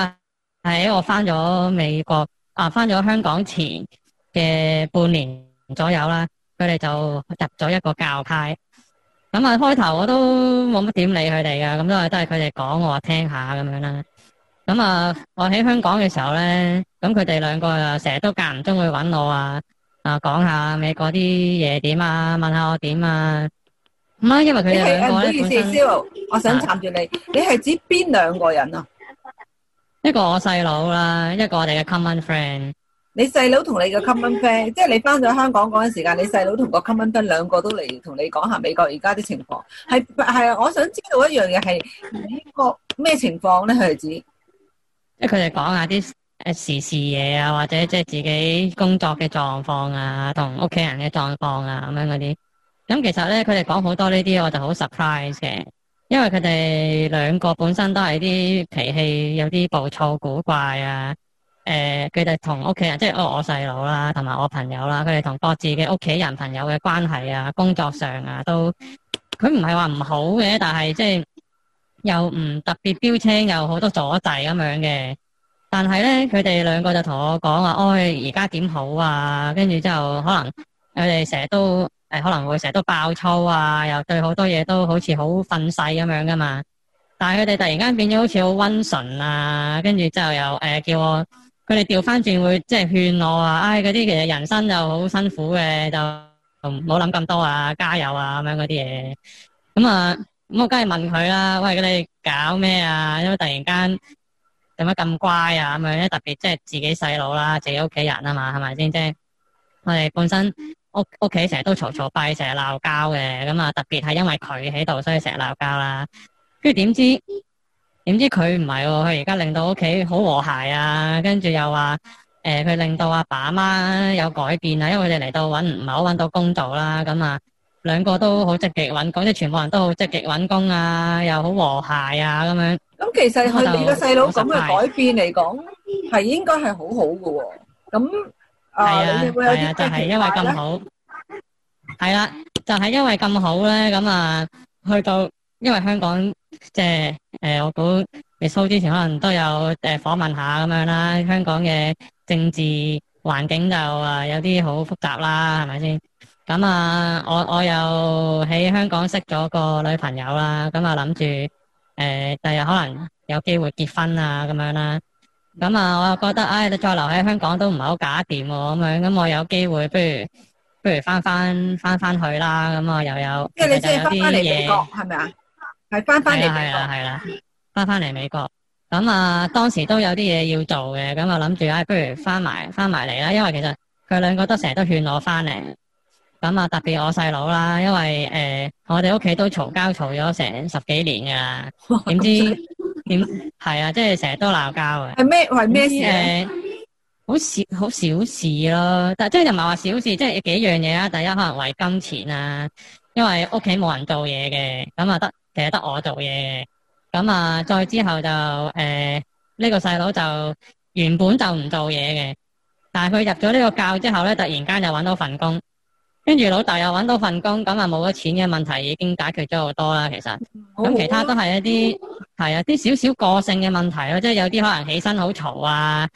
喺我翻咗美國啊，翻咗香港前嘅半年左右啦，佢哋就入咗一個教派。咁啊，開頭我都冇乜點理佢哋噶，咁都係都係佢哋講我話聽下咁樣啦。咁啊，我喺香港嘅時候咧，咁佢哋兩個啊，成日都間唔中去揾我啊，啊講下美國啲嘢點啊，問下我點啊。咁啊，因為佢哋兩個咧，唔好意思，Zero，我想插住你，你係指邊兩個人啊？一個我細佬啦，一個我哋嘅 common friend。你細佬同你個 common friend，即係你翻咗香港嗰陣時間，你細佬同個 common friend 兩個都嚟同你講下美國而家啲情況，係係，我想知道一樣嘢係美國咩情況咧？佢哋指，即係佢哋講下啲誒時事嘢啊，或者即係自己工作嘅狀況啊，同屋企人嘅狀況啊咁樣嗰啲。咁其實咧，佢哋講好多呢啲我就好 surprise 嘅，因為佢哋兩個本身都係啲脾氣有啲暴躁古怪啊。誒、呃，佢哋同屋企人，即係我我細佬啦，同埋我朋友啦，佢哋同各自嘅屋企人、朋友嘅關係啊，工作上啊，都佢唔係話唔好嘅，但係即係又唔特別標青，又好多阻滯咁樣嘅。但係咧，佢哋兩個就同我講話、啊：，哎，而家點好啊？跟住之後，可能佢哋成日都誒、呃，可能會成日都爆粗啊，又對好多嘢都好似好憤世咁樣噶嘛。但係佢哋突然間變咗好似好溫純啊，跟住之後又誒、呃、叫我。佢哋調翻轉會即係勸我啊！唉、哎，嗰啲其實人生就好辛苦嘅，就唔好諗咁多啊，加油啊咁樣嗰啲嘢。咁啊，咁我梗係問佢啦。喂，佢哋搞咩啊？因為突然間點解咁乖啊？咁樣咧，特別即係自己細佬啦，自己屋企人啊嘛，係咪先即係我哋本身屋屋企成日都嘈嘈閉，成日鬧交嘅。咁啊，特別係因為佢喺度，所以成日鬧交啦。跟住點知？點知佢唔係哦，佢而家令到屋企好和諧啊！跟住又話誒，佢令到阿爸阿媽有改變啊，因為佢哋嚟到搵唔係好搵到工做啦，咁啊，兩個都好積極搵工，即係全部人都好積極搵工啊，又好和諧啊咁樣。咁其實佢哋個細佬咁嘅改變嚟講，係應該係好好㗎喎。咁啊，你會有啲變化咧？就係因為咁好，係啦，就係因為咁好咧。咁啊，去到因為香港。即係誒、呃，我估月初之前可能都有誒訪、呃、問下咁樣啦。香港嘅政治環境就啊、呃、有啲好複雜啦，係咪先？咁啊，我我又喺香港識咗個女朋友啦。咁啊，諗住誒第日可能有機會結婚啊咁樣啦。咁啊，我又覺得唉，你、呃、再留喺香港都唔係好搞掂喎。咁樣咁我有機會不，不如不如翻翻翻翻去啦。咁啊，又有即係你即係翻翻嚟美國係咪啊？係翻翻嚟美國，係啦係啦，翻翻嚟美國。咁啊，當時都有啲嘢要做嘅，咁啊，諗住啊，不如翻埋翻埋嚟啦。因為其實佢兩個都成日都勸我翻嚟，咁啊，特別我細佬啦，因為誒、呃、我哋屋企都嘈交嘈咗成十幾年噶啦，點知點係啊？即係成日都鬧交啊！係咩？係咩事啊？好、呃、小好小事咯，但即係就唔係話小事，即係幾樣嘢啦。第一可能為金錢啊，因為屋企冇人做嘢嘅，咁啊得。其實得我做嘢，嘅、啊。咁啊再之後就誒呢、欸這個細佬就原本就唔做嘢嘅，但係佢入咗呢個教之後咧，突然間就搵到份工，跟住老豆又搵到份工，咁啊冇咗錢嘅問題已經解決咗好多啦。其實咁其他都係一啲係啊啲少少個性嘅問題咯，即係有啲可能起身好嘈啊，誒、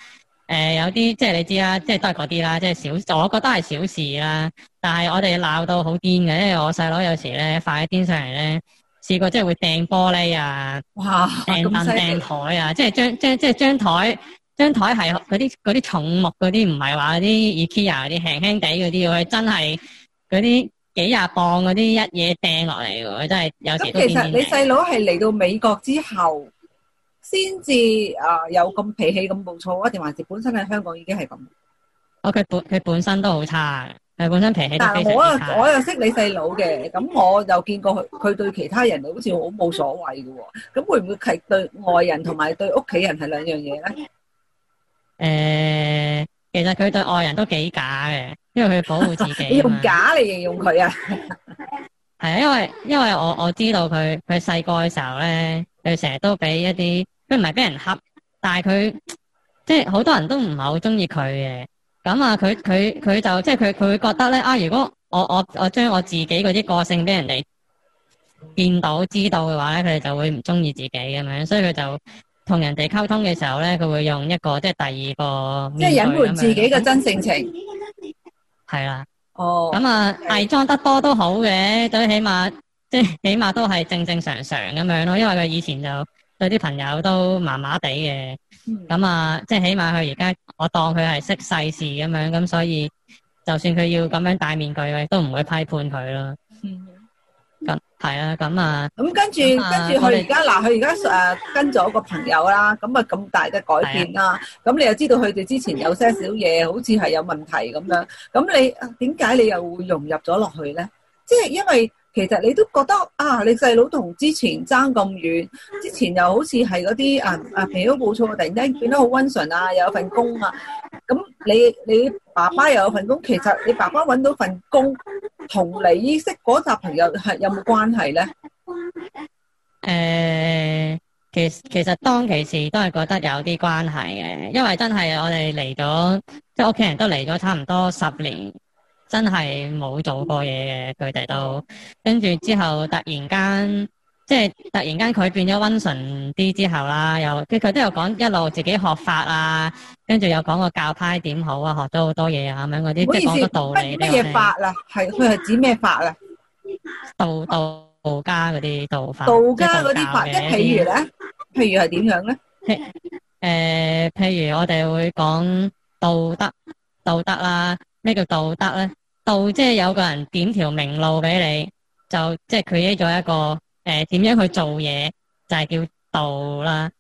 呃、有啲即係你知啦，即係都係嗰啲啦，即係小我覺得係小事啦，但係我哋鬧到好癲嘅，因為我細佬有時咧快癲上嚟咧。試過即係會掟玻璃啊，哇！掟掟掟台啊，即係張張即係張台，張台係嗰啲嗰啲重木嗰啲，唔係話啲 IKEA 嗰啲輕輕地嗰啲，佢真係嗰啲幾廿磅嗰啲一嘢掟落嚟，佢真係有時都天天。咁其實你細佬係嚟到美國之後先至啊有咁脾氣，咁暴躁，一定還是本身喺香港已經係咁？佢本佢本身都好差。係本身脾氣，但係我又我又識你細佬嘅，咁我又見過佢，佢對其他人好似好冇所謂嘅喎。咁會唔會係對外人同埋對屋企人係兩樣嘢咧？誒，其實佢對外人都幾假嘅，因為佢保護自己。用假嚟形容佢啊？係啊，因為因為我我知道佢佢細個嘅時候咧，佢成日都俾一啲，佢唔係俾人恰，但係佢即係好多人都唔係好中意佢嘅。咁啊，佢佢佢就即係佢佢會覺得咧啊，如果我我我將我自己嗰啲個性俾人哋見到知道嘅話咧，佢哋就會唔中意自己咁樣，所以佢就同人哋溝通嘅時候咧，佢會用一個即係第二個即係隱瞞自己嘅真性情。係、啊、啦，哦，咁啊，偽裝得多都好嘅，最起碼即係起碼都係正正常常咁樣咯，因為佢以前就對啲朋友都麻麻地嘅。咁、嗯、啊，即係起碼佢而家，我當佢係識世事咁樣，咁所以就算佢要咁樣戴面具佢都唔會批判佢咯。嗯，咁係啊，咁啊。咁跟住，嗯，跟住佢而家嗱，佢而家誒跟咗個朋友啦，咁啊咁大嘅改變啦。咁、啊，你又知道佢哋之前有些少嘢，好似係有問題咁樣。咁你點解你又會融入咗落去咧？即係因為。其實你都覺得啊，你細佬同之前爭咁遠，之前又好似係嗰啲啊啊皮都冇錯，突然間變得好温順啊，又有份工啊，咁你你爸爸又有份工，其實你爸爸揾到份工，同你識嗰集朋友係有冇關係咧？其其實當其時都係覺得有啲關係嘅，因為真係我哋嚟咗，即係屋企人都嚟咗差唔多十年。真係冇做過嘢嘅，佢哋都跟住之後突然間，即係突然間佢變咗溫順啲之後啦，又佢佢都有講一路自己學法啊，跟住又講個教派點好啊，學咗、啊、好多嘢啊咁樣嗰啲，即係講個道理。咩嘢法啊？係佢係指咩法啊？道道道家嗰啲道法。道家嗰啲法，即譬如咧，譬如係點樣咧？誒、呃，譬如我哋會講道德道德啦。咩叫道德咧？道即係有個人點條明路俾你，就即係佢 create 咗一個誒，點、呃、樣去做嘢就係、是、叫道啦。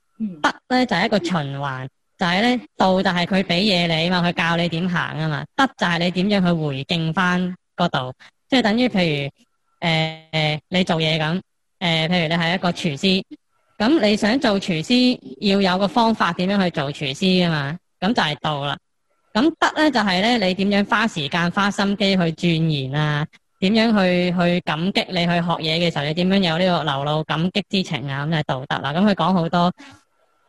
德咧就係、是、一個循環，就係、是、咧，道就係佢俾嘢你嘛，佢教你點行啊嘛。德就係你點樣去回敬翻個道，即、就、係、是、等於譬如誒誒、呃，你做嘢咁誒，譬如你係一個廚師，咁你想做廚師要有個方法點樣去做廚師啊嘛，咁就係道啦。咁得咧，就係咧，你點樣花時間花心機去鑽研啊？點樣去去感激你去學嘢嘅時候，你點樣有呢個流露感激之情啊？咁就係道德啦。咁佢講好多，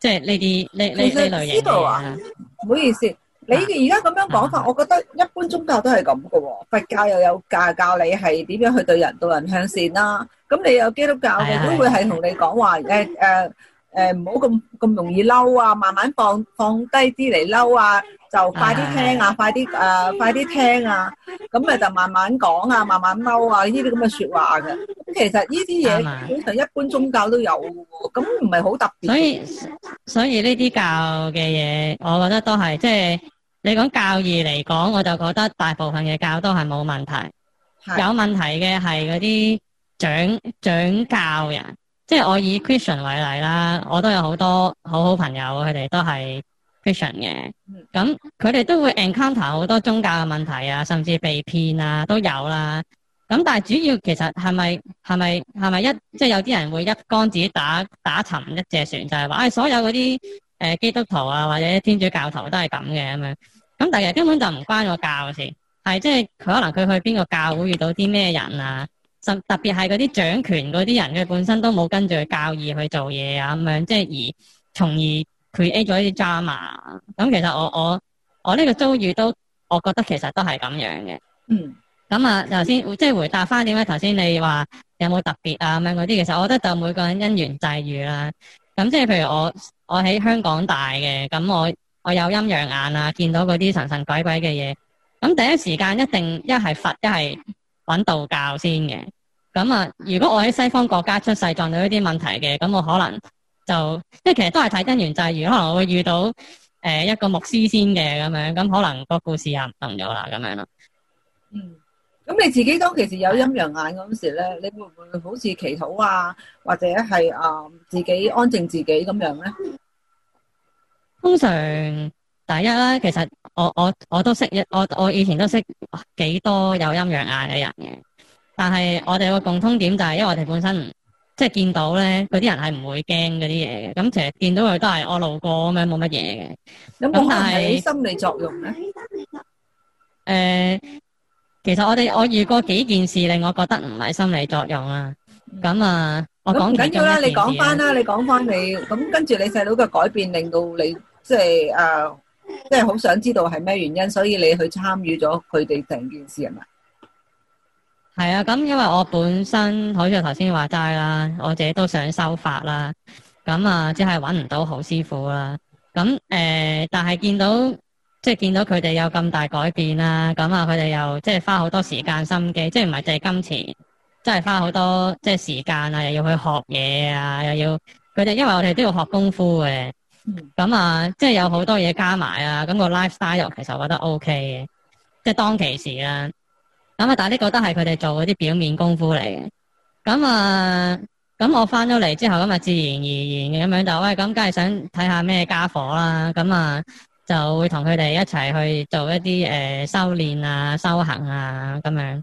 即係呢啲呢呢呢類型嘅。唔好意思，你而家咁樣講法，我覺得一般宗教都係咁噶。佛教又有教教你係點樣去對人對人向善啦。咁你有基督教嘅都會係同你講話，誒誒誒，唔好咁咁容易嬲啊，慢慢放放低啲嚟嬲啊。就快啲聽啊！快啲誒，快啲、uh, 聽啊！咁咪就慢慢講啊，慢慢嬲啊！呢啲咁嘅説話嘅咁，其實呢啲嘢其實一般宗教都有喎，咁唔係好特別的。所以所以呢啲教嘅嘢，我覺得都係即係你講教義嚟講，我就覺得大部分嘅教都係冇問題，有問題嘅係嗰啲長長教人，即係我以 Christian 為例啦，我都有好多好好朋友，佢哋都係 vision 嘅，咁佢哋都會 encounter 好多宗教嘅問題啊，甚至被騙啊都有啦。咁但係主要其實係咪係咪係咪一即係、就是、有啲人會一竿子打打沉一隻船，就係話唉所有嗰啲、呃、基督徒啊或者天主教徒都係咁嘅咁樣。咁但係根本就唔關個教事，係即係佢可能佢去邊個教會遇到啲咩人啊，甚特別係嗰啲掌權嗰啲人佢本身都冇跟住教義去做嘢啊咁樣，即係而從而。create 咗一啲 drama，咁其實我我我呢個遭遇都，我覺得其實都係咁樣嘅。嗯。咁啊，頭先即係回答翻點解頭先你話有冇特別啊？咁樣嗰啲？其實我覺得就每個人因緣際遇啦。咁即係譬如我我喺香港大嘅，咁我我有陰陽眼啊，見到嗰啲神神鬼鬼嘅嘢。咁第一時間一定一係佛，一係揾道教先嘅。咁啊，如果我喺西方國家出世撞到呢啲問題嘅，咁我可能。就即係其實都係睇根源，就係如果可能我會遇到誒、呃、一個牧師先嘅，咁樣，咁可能個故事又唔同咗啦咁樣咯。嗯，咁你自己都其實有陰陽眼嗰陣時咧，你會唔會好似祈禱啊，或者係啊、呃、自己安靜自己咁樣咧？通常第一咧，其實我我我都識，我我以前都識幾多有陰陽眼嘅人，但係我哋個共通點就係因為我哋本身。即係見到咧，嗰啲人係唔會驚嗰啲嘢嘅。咁其實見到佢都係我路過咁樣冇乜嘢嘅。咁但係心理作用咧？誒，其實我哋我遇過幾件事令我覺得唔係心理作用啊。咁啊，我講緊咗呢件事。唔緊要啦，你講翻啦，你講翻你咁跟住你細佬嘅改變令到你即係誒，即係好想知道係咩原因，所以你去參與咗佢哋成件事係咪？係啊，咁因為我本身好似我頭先話齋啦，我自己都想修法啦，咁啊，即係揾唔到好師傅啦。咁誒、呃，但係見到即係見到佢哋有咁大改變啦，咁啊，佢哋又即係花好多時間心機，即係唔係淨係金錢，即係花好多即係時間啊，又要去學嘢啊，又要佢哋因為我哋都要學功夫嘅，咁啊，即係有好多嘢加埋啊，咁、那個 lifestyle 其實我覺得 OK 嘅，即係當其時啦。咁啊，但係呢個都係佢哋做嗰啲表面功夫嚟嘅。咁啊，咁我返咗嚟之後，咁啊，自然而然嘅咁樣就，喂，咁梗係想睇下咩家伙啦。咁啊，就會同佢哋一齊去做一啲誒、呃、修煉啊、修行啊咁樣。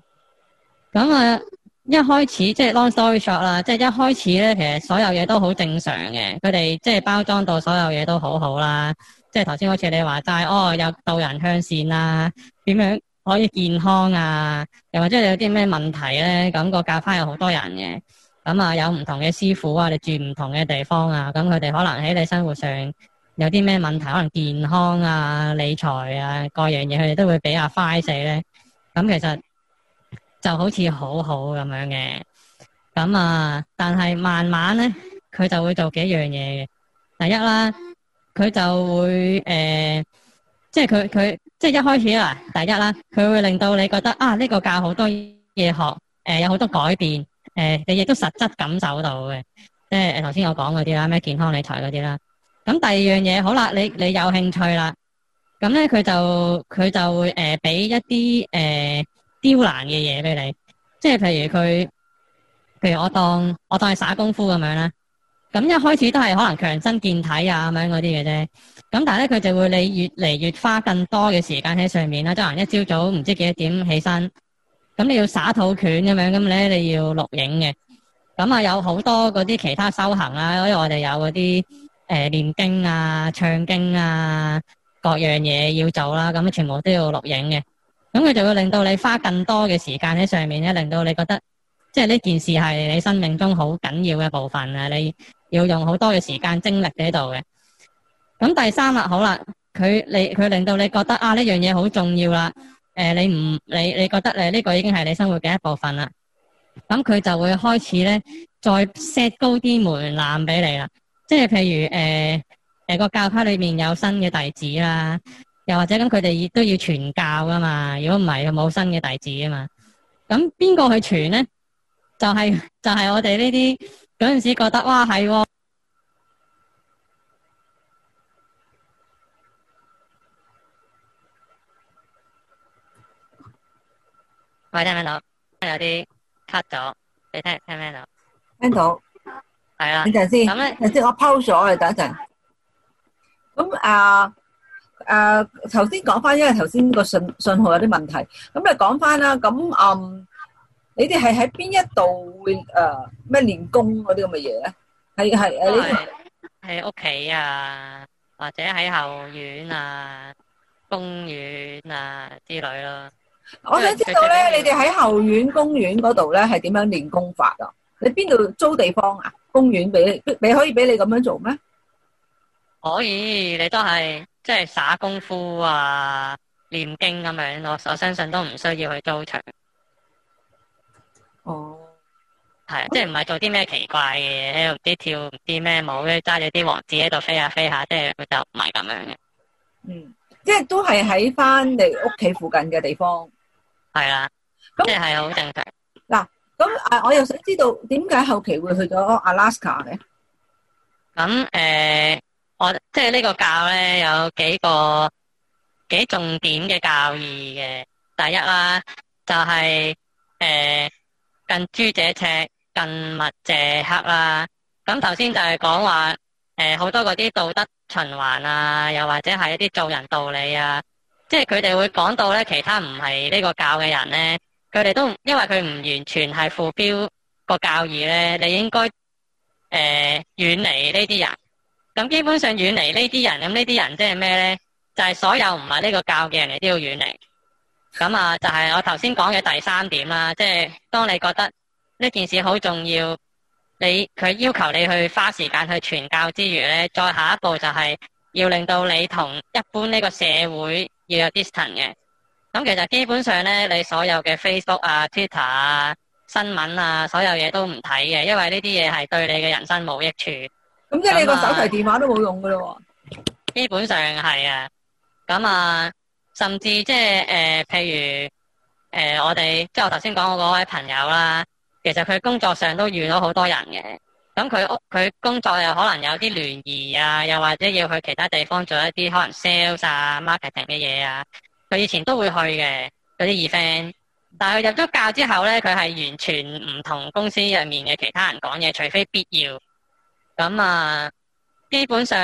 咁啊，一開始即係 long story short 啦，即係一開始咧，其實所有嘢都好正常嘅。佢哋即係包裝到所有嘢都好好啦。即係頭先好似你話齋，哦，有道人向善啦、啊，點樣？可以健康啊，又或者你有啲咩問題咧？咁、個教派有好多人嘅，咁啊，有唔同嘅師傅啊，你住唔同嘅地方啊，咁佢哋可能喺你生活上有啲咩問題，可能健康啊、理財啊各樣嘢，佢哋都會俾阿花死咧。咁其實就好似好好咁樣嘅，咁啊，但係慢慢咧，佢就會做幾樣嘢嘅。第一啦，佢就會誒、呃，即係佢佢。即係一開始啊，第一啦，佢會令到你覺得啊，呢、這個教好多嘢學，誒、呃、有好多改變，誒、呃、你亦都實質感受到嘅。即係頭先我講嗰啲啦，咩健康理財嗰啲啦。咁第二樣嘢好啦，你你有興趣啦，咁咧佢就佢就會俾、呃、一啲誒、呃、刁難嘅嘢俾你，即係譬如佢，譬如我當我當係耍功夫咁樣啦。咁一開始都係可能強身健體啊咁樣嗰啲嘅啫，咁但係咧佢就會你越嚟越花更多嘅時間喺上面啦，即係一朝早唔知幾點起身，咁你要耍套拳咁樣，咁咧你要錄影嘅，咁啊有好多嗰啲其他修行啦，因為我哋有嗰啲誒唸經啊、唱經啊，各樣嘢要做啦，咁全部都要錄影嘅，咁佢就會令到你花更多嘅時間喺上面咧，令到你覺得即係呢件事係你生命中好緊要嘅部分啊，你，要用好多嘅時間精力喺度嘅。咁第三啦，好啦，佢你佢令到你覺得啊呢樣嘢好重要啦。誒、呃，你唔你你覺得你呢個已經係你生活嘅一部分啦。咁佢就會開始咧再 set 高啲門檻俾你啦。即係譬如誒誒個教派裏面有新嘅弟子啦，又或者咁佢哋亦都要傳教噶嘛。如果唔係，冇新嘅弟子啊嘛。咁邊個去傳咧？就係就係我哋呢啲。嗰陣時覺得，哇，係喎。喂，聽唔聽到？有啲 cut 咗，你聽聽唔聽到？聽到，係啦。等陣先，等陣先，我 pause 咗你，等一陣。咁啊誒，頭先講翻，因為頭先個信信號有啲問題。咁啊，講翻啦。咁嗯。你哋係喺邊一度會誒咩練功嗰啲咁嘅嘢咧？係係誒，喺屋企啊，或者喺後院啊、公園啊之類咯。我想知道咧，你哋喺後院、公園嗰度咧係點樣練功法啊？你邊度租地方啊？公園俾你，你可以俾你咁樣做咩？可以，你都係即係耍功夫啊，念經咁樣。我我相信都唔需要去租場。哦，係，即係唔係做啲咩奇怪嘅嘢喺度，啲跳唔知咩舞，跟住揸住啲黃紙喺度飛下飛下，即係佢就唔係咁樣嘅。嗯，即係、啊啊嗯、都係喺翻嚟屋企附近嘅地方。係啊，咁係好正常。嗱，咁啊，我又想知道點解後期會去咗阿拉斯加嘅？咁誒、呃，我即係呢個教咧有幾個幾重點嘅教義嘅，第一啦，就係、是、誒。呃近朱者赤，近墨者黑啊！咁頭先就係講話，誒，好多嗰啲道德循環啊，又或者係一啲做人道理啊，即係佢哋會講到咧，其他唔係呢個教嘅人咧，佢哋都因為佢唔完全係符標個教義咧，你應該誒遠離呢啲人。咁基本上遠離呢啲人，咁呢啲人即係咩咧？就係、是、所有唔係呢個教嘅人，你都要遠離。咁啊，就係我頭先講嘅第三點啦，即係當你覺得呢件事好重要，你佢要求你去花時間去傳教之餘咧，再下一步就係要令到你同一般呢個社會要有 distance 嘅。咁其實基本上咧，你所有嘅 Facebook 啊、Twitter 啊、新聞啊，所有嘢都唔睇嘅，因為呢啲嘢係對你嘅人生冇益處。咁即係你個手提電話都冇用噶啦？基本上係啊，咁啊。甚至即係誒，譬如誒、呃，我哋即係我頭先講我嗰位朋友啦，其實佢工作上都遇到好多人嘅。咁佢屋佢工作又可能有啲聯誼啊，又或者要去其他地方做一啲可能 sales 啊、marketing 嘅嘢啊，佢以前都會去嘅嗰啲 event。但係佢入咗教之後咧，佢係完全唔同公司入面嘅其他人講嘢，除非必要。咁啊、呃，基本上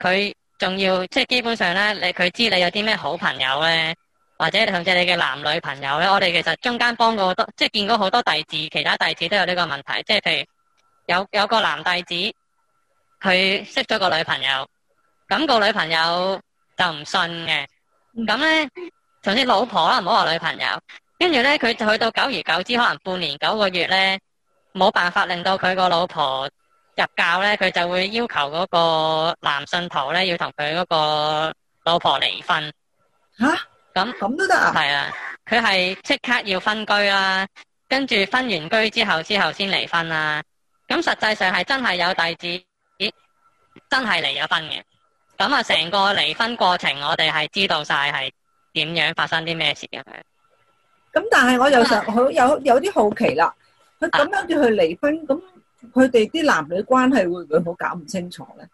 佢。仲要即係基本上咧，你佢知你有啲咩好朋友咧，或者甚至你嘅男女朋友咧，我哋其實中間幫過好多，即係見過好多弟子，其他弟子都有呢個問題，即係譬如有有個男弟子，佢識咗個女朋友，咁個女朋友就唔信嘅，咁咧，甚至老婆啦，唔好話女朋友，跟住咧佢就去到久而久之，可能半年九個月咧，冇辦法令到佢個老婆。入教咧，佢就會要求嗰個男信徒咧要同佢嗰個老婆離婚。吓，咁咁都得啊？係啊，佢係即刻要分居啦，跟住分完居之後之後先離婚啦。咁實際上係真係有弟子，咦真係離咗婚嘅。咁啊，成個離婚過程我哋係知道晒係點樣發生啲咩事嘅。咁但係我又想好有有啲好奇啦，佢咁樣叫佢離婚咁。啊佢哋啲男女關係會唔會好搞唔清楚咧？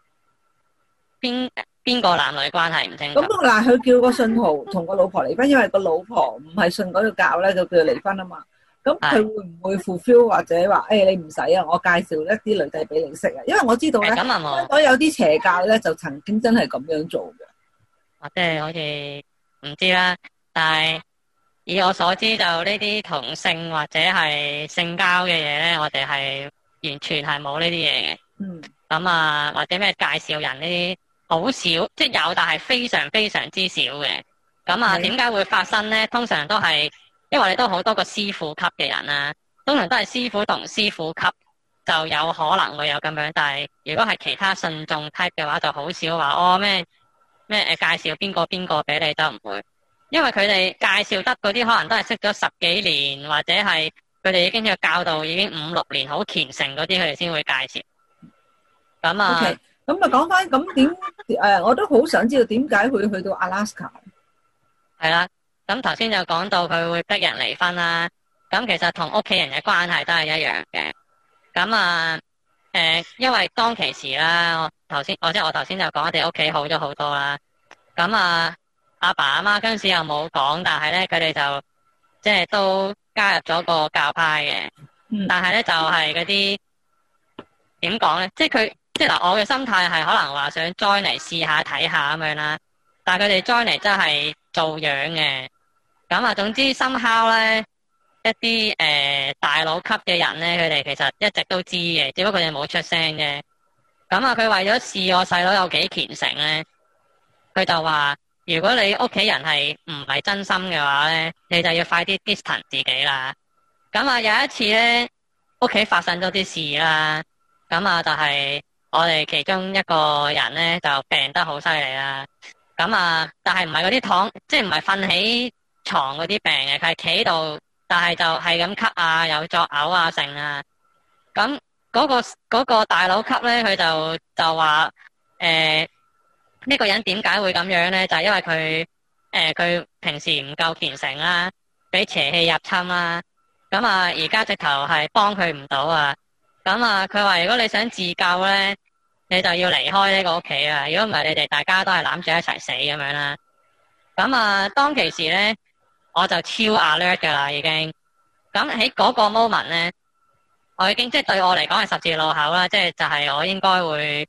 邊邊個男女關係唔清楚？咁嗱，佢叫個信徒同個老婆離婚，因為個老婆唔係信嗰個教咧，就叫佢離婚啊嘛。咁佢會唔會 fulfill 或者話誒，你唔使啊，我介紹一啲女仔俾你識啊？因為我知道咧，香港有啲邪教咧，就曾經真係咁樣做嘅。即係好似唔知啦，但係以我所知，就呢啲同性或者係性交嘅嘢咧，我哋係。完全係冇呢啲嘢嘅，咁啊或者咩介紹人呢啲好少，即係有但係非常非常之少嘅。咁啊，點解會發生呢？通常都係因為你都好多個師傅級嘅人啦，通常都係師傅同師傅級就有可能會有咁樣，但係如果係其他信眾 type 嘅話，就好少話哦咩咩誒介紹邊個邊個俾你都唔會，因為佢哋介紹得嗰啲可能都係識咗十幾年或者係。佢哋已經嘅教導已經五六年好虔誠嗰啲，佢哋先會介紹。咁啊，咁、okay, 啊，講翻咁點誒？我都好想知道點解佢會去到 Alaska。係啦，咁頭先就講到佢會逼人離婚啦。咁其實同屋企人嘅關係都係一樣嘅。咁啊，誒、欸，因為當其時啦，我頭先，我即係我頭先就講我哋屋企好咗好多啦。咁啊，阿爸阿媽當時又冇講，但係咧佢哋就即係都。加入咗個教派嘅，但係咧就係嗰啲點講咧，即係佢即係嗱，我嘅心態係可能話想 join 嚟試下睇下咁樣啦，但係佢哋 join 嚟真係做樣嘅，咁啊總之呢，somehow 咧一啲誒、呃、大佬級嘅人咧，佢哋其實一直都知嘅，只不過佢哋冇出聲啫。咁、嗯、啊，佢為咗試我細佬有幾虔誠咧，佢就話。如果你屋企人係唔係真心嘅話咧，你就要快啲 distance 自己啦。咁啊，有一次咧，屋企發生咗啲事啦。咁啊，就係、是、我哋其中一個人咧，就病得好犀利啦。咁啊，但係唔係嗰啲躺，即係唔係瞓喺床嗰啲病嘅，佢係企喺度，但係就係咁咳啊，又作嘔啊，剩啊。咁、那、嗰個、那個大佬級咧，佢就就話誒。欸呢個人點解會咁樣呢？就係因為佢誒佢平時唔夠虔誠啦，俾邪氣入侵啦。咁啊，而家直頭係幫佢唔到啊。咁啊，佢話如果你想自救呢，你就要離開呢個屋企啊。如果唔係，你哋大家都係攬住一齊死咁樣啦。咁啊，當其時呢，我就超 alert 噶啦，已經。咁喺嗰個 moment 呢，我已經即係對我嚟講係十字路口啦。即係就係我應該會，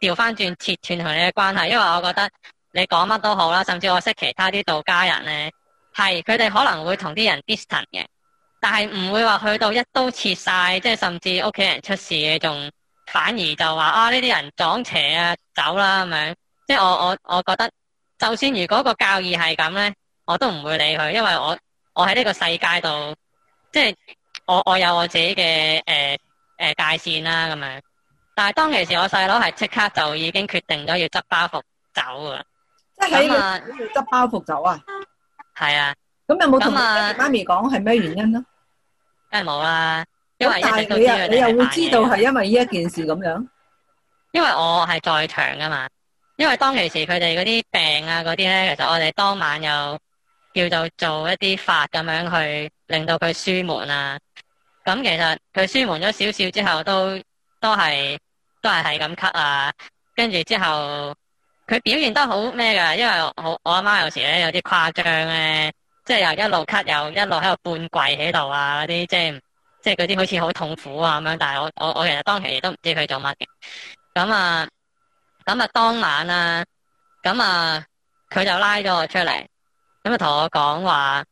掉返轉切斷同你嘅關係，因為我覺得你講乜都好啦，甚至我識其他啲道家人咧，係佢哋可能會同啲人 distance 嘅，但係唔會話去到一刀切晒，即係甚至屋企人出事嘅，仲反而就話啊呢啲人撞邪啊，走啦咁樣。即係我我我覺得，就算如果個教義係咁咧，我都唔會理佢，因為我我喺呢個世界度，即係我我有我自己嘅誒誒界線啦咁樣。但係當其時，我細佬係即刻就已經決定咗要執包袱走噶啦，即係要執包袱走啊？係啊，咁、啊、有冇同媽咪講係咩原因咧？梗係冇啦，因為但係你又你會知道係因為呢一件事咁樣，因為我係在場噶嘛，因為當其時佢哋嗰啲病啊嗰啲咧，其實我哋當晚又叫做做一啲法咁樣去令到佢舒緩啊，咁其實佢舒緩咗少少之後都都係。都係係咁咳啊，跟住之後佢表現得好咩噶？因為我我阿媽有時咧有啲誇張咧，即係又一路咳，又一路喺度半跪喺度啊嗰啲，即係即係嗰啲好似好痛苦啊咁樣。但係我我我其實當期都唔知佢做乜嘅。咁啊咁啊當晚啦，咁啊佢就拉咗我出嚟，咁啊同我講話，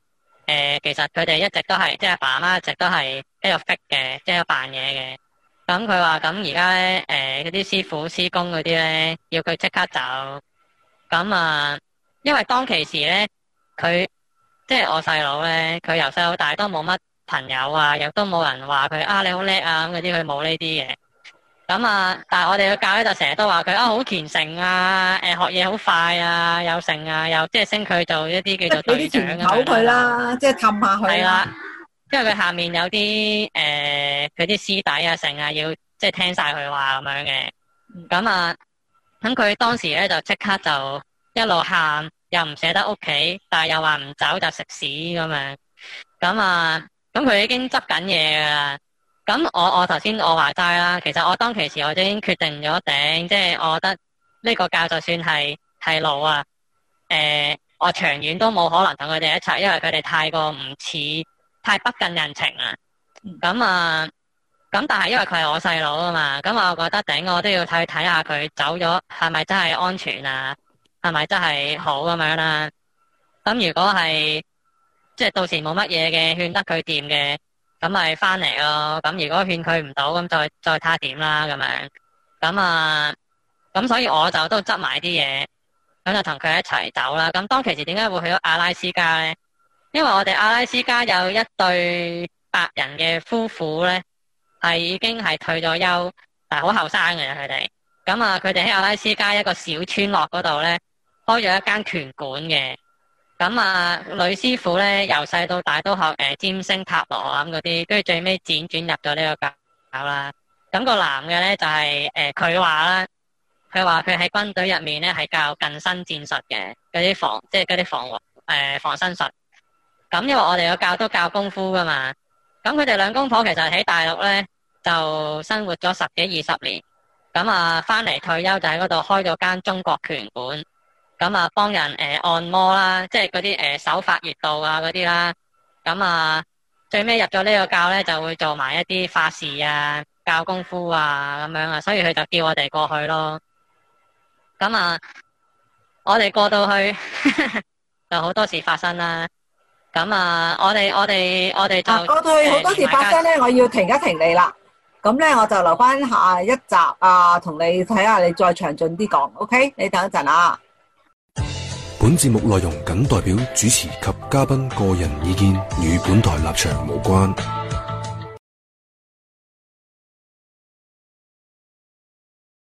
誒，其實佢哋一直都係，即係爸媽一直都係喺度 fake 嘅，即係扮嘢嘅。咁佢話咁而家咧，誒嗰啲師傅師公嗰啲咧，要佢即刻走。咁啊，因為當其時咧，佢即係我細佬咧，佢由細到大都冇乜朋友啊，又都冇人話佢啊，你好叻啊咁嗰啲，佢冇呢啲嘢。咁啊，但係我哋嘅教咧就成日都話佢啊好虔誠啊，誒學嘢好快啊，有成啊，又即係升佢做一啲叫做隊長啊，佢啦，即係氹下佢。因為佢下面有啲誒佢啲師弟啊，成、呃、日要即係、就是、聽晒佢話咁樣嘅，咁啊，咁佢當時咧就即刻就一路喊，又唔捨得屋企，但係又話唔走就食屎咁樣，咁啊，咁佢已經執緊嘢噶啦，咁我我頭先我話齋啦，其實我當其時我已經決定咗頂，即、就、係、是、我覺得呢個教就算係係路啊，誒、呃、我長遠都冇可能同佢哋一齊，因為佢哋太過唔似。太不近人情啦！咁啊，咁但係因為佢係我細佬啊嘛，咁我覺得頂我都要去睇下，佢走咗係咪真係安全啊，係咪真係好咁樣啦？咁如果係即係到時冇乜嘢嘅勸得佢掂嘅，咁咪翻嚟咯。咁如果勸佢唔到，咁再再睇下點啦咁樣。咁啊，咁所以我就都執埋啲嘢，咁就同佢一齊走啦。咁當其時點解會去到阿拉斯加咧？因為我哋阿拉斯加有一對白人嘅夫婦咧，係已經係退咗休，但係好後生嘅。佢哋咁啊，佢哋喺阿拉斯加一個小村落嗰度咧開咗一間拳館嘅。咁啊，女師傅咧由細到大都學誒占星塔羅啊，咁嗰啲，跟住最尾輾轉，轉入咗呢個教啦。咁、個男嘅咧就係誒佢話啦，佢話佢喺軍隊入面咧係教近身戰術嘅嗰啲防，即係嗰啲防防誒、呃、防身術。咁因為我哋個教都教功夫噶嘛，咁佢哋兩公婆其實喺大陸咧就生活咗十幾二十年，咁啊翻嚟退休就喺嗰度開咗間中國拳館，咁啊幫人誒、呃、按摩啦，即係嗰啲誒手法、穴道啊嗰啲啦，咁啊最尾入咗呢個教咧就會做埋一啲法事啊、教功夫啊咁樣啊，所以佢就叫我哋過去咯。咁啊，我哋過到去 就好多事發生啦。咁啊！我哋我哋我哋，啊，過去好多時發生咧，我要停一停你啦。咁咧，我就留翻下一集啊，同你睇下，你再詳盡啲講。OK，你等一陣啊。本節目內容僅代表主持及嘉賓個人意見，與本台立場無關。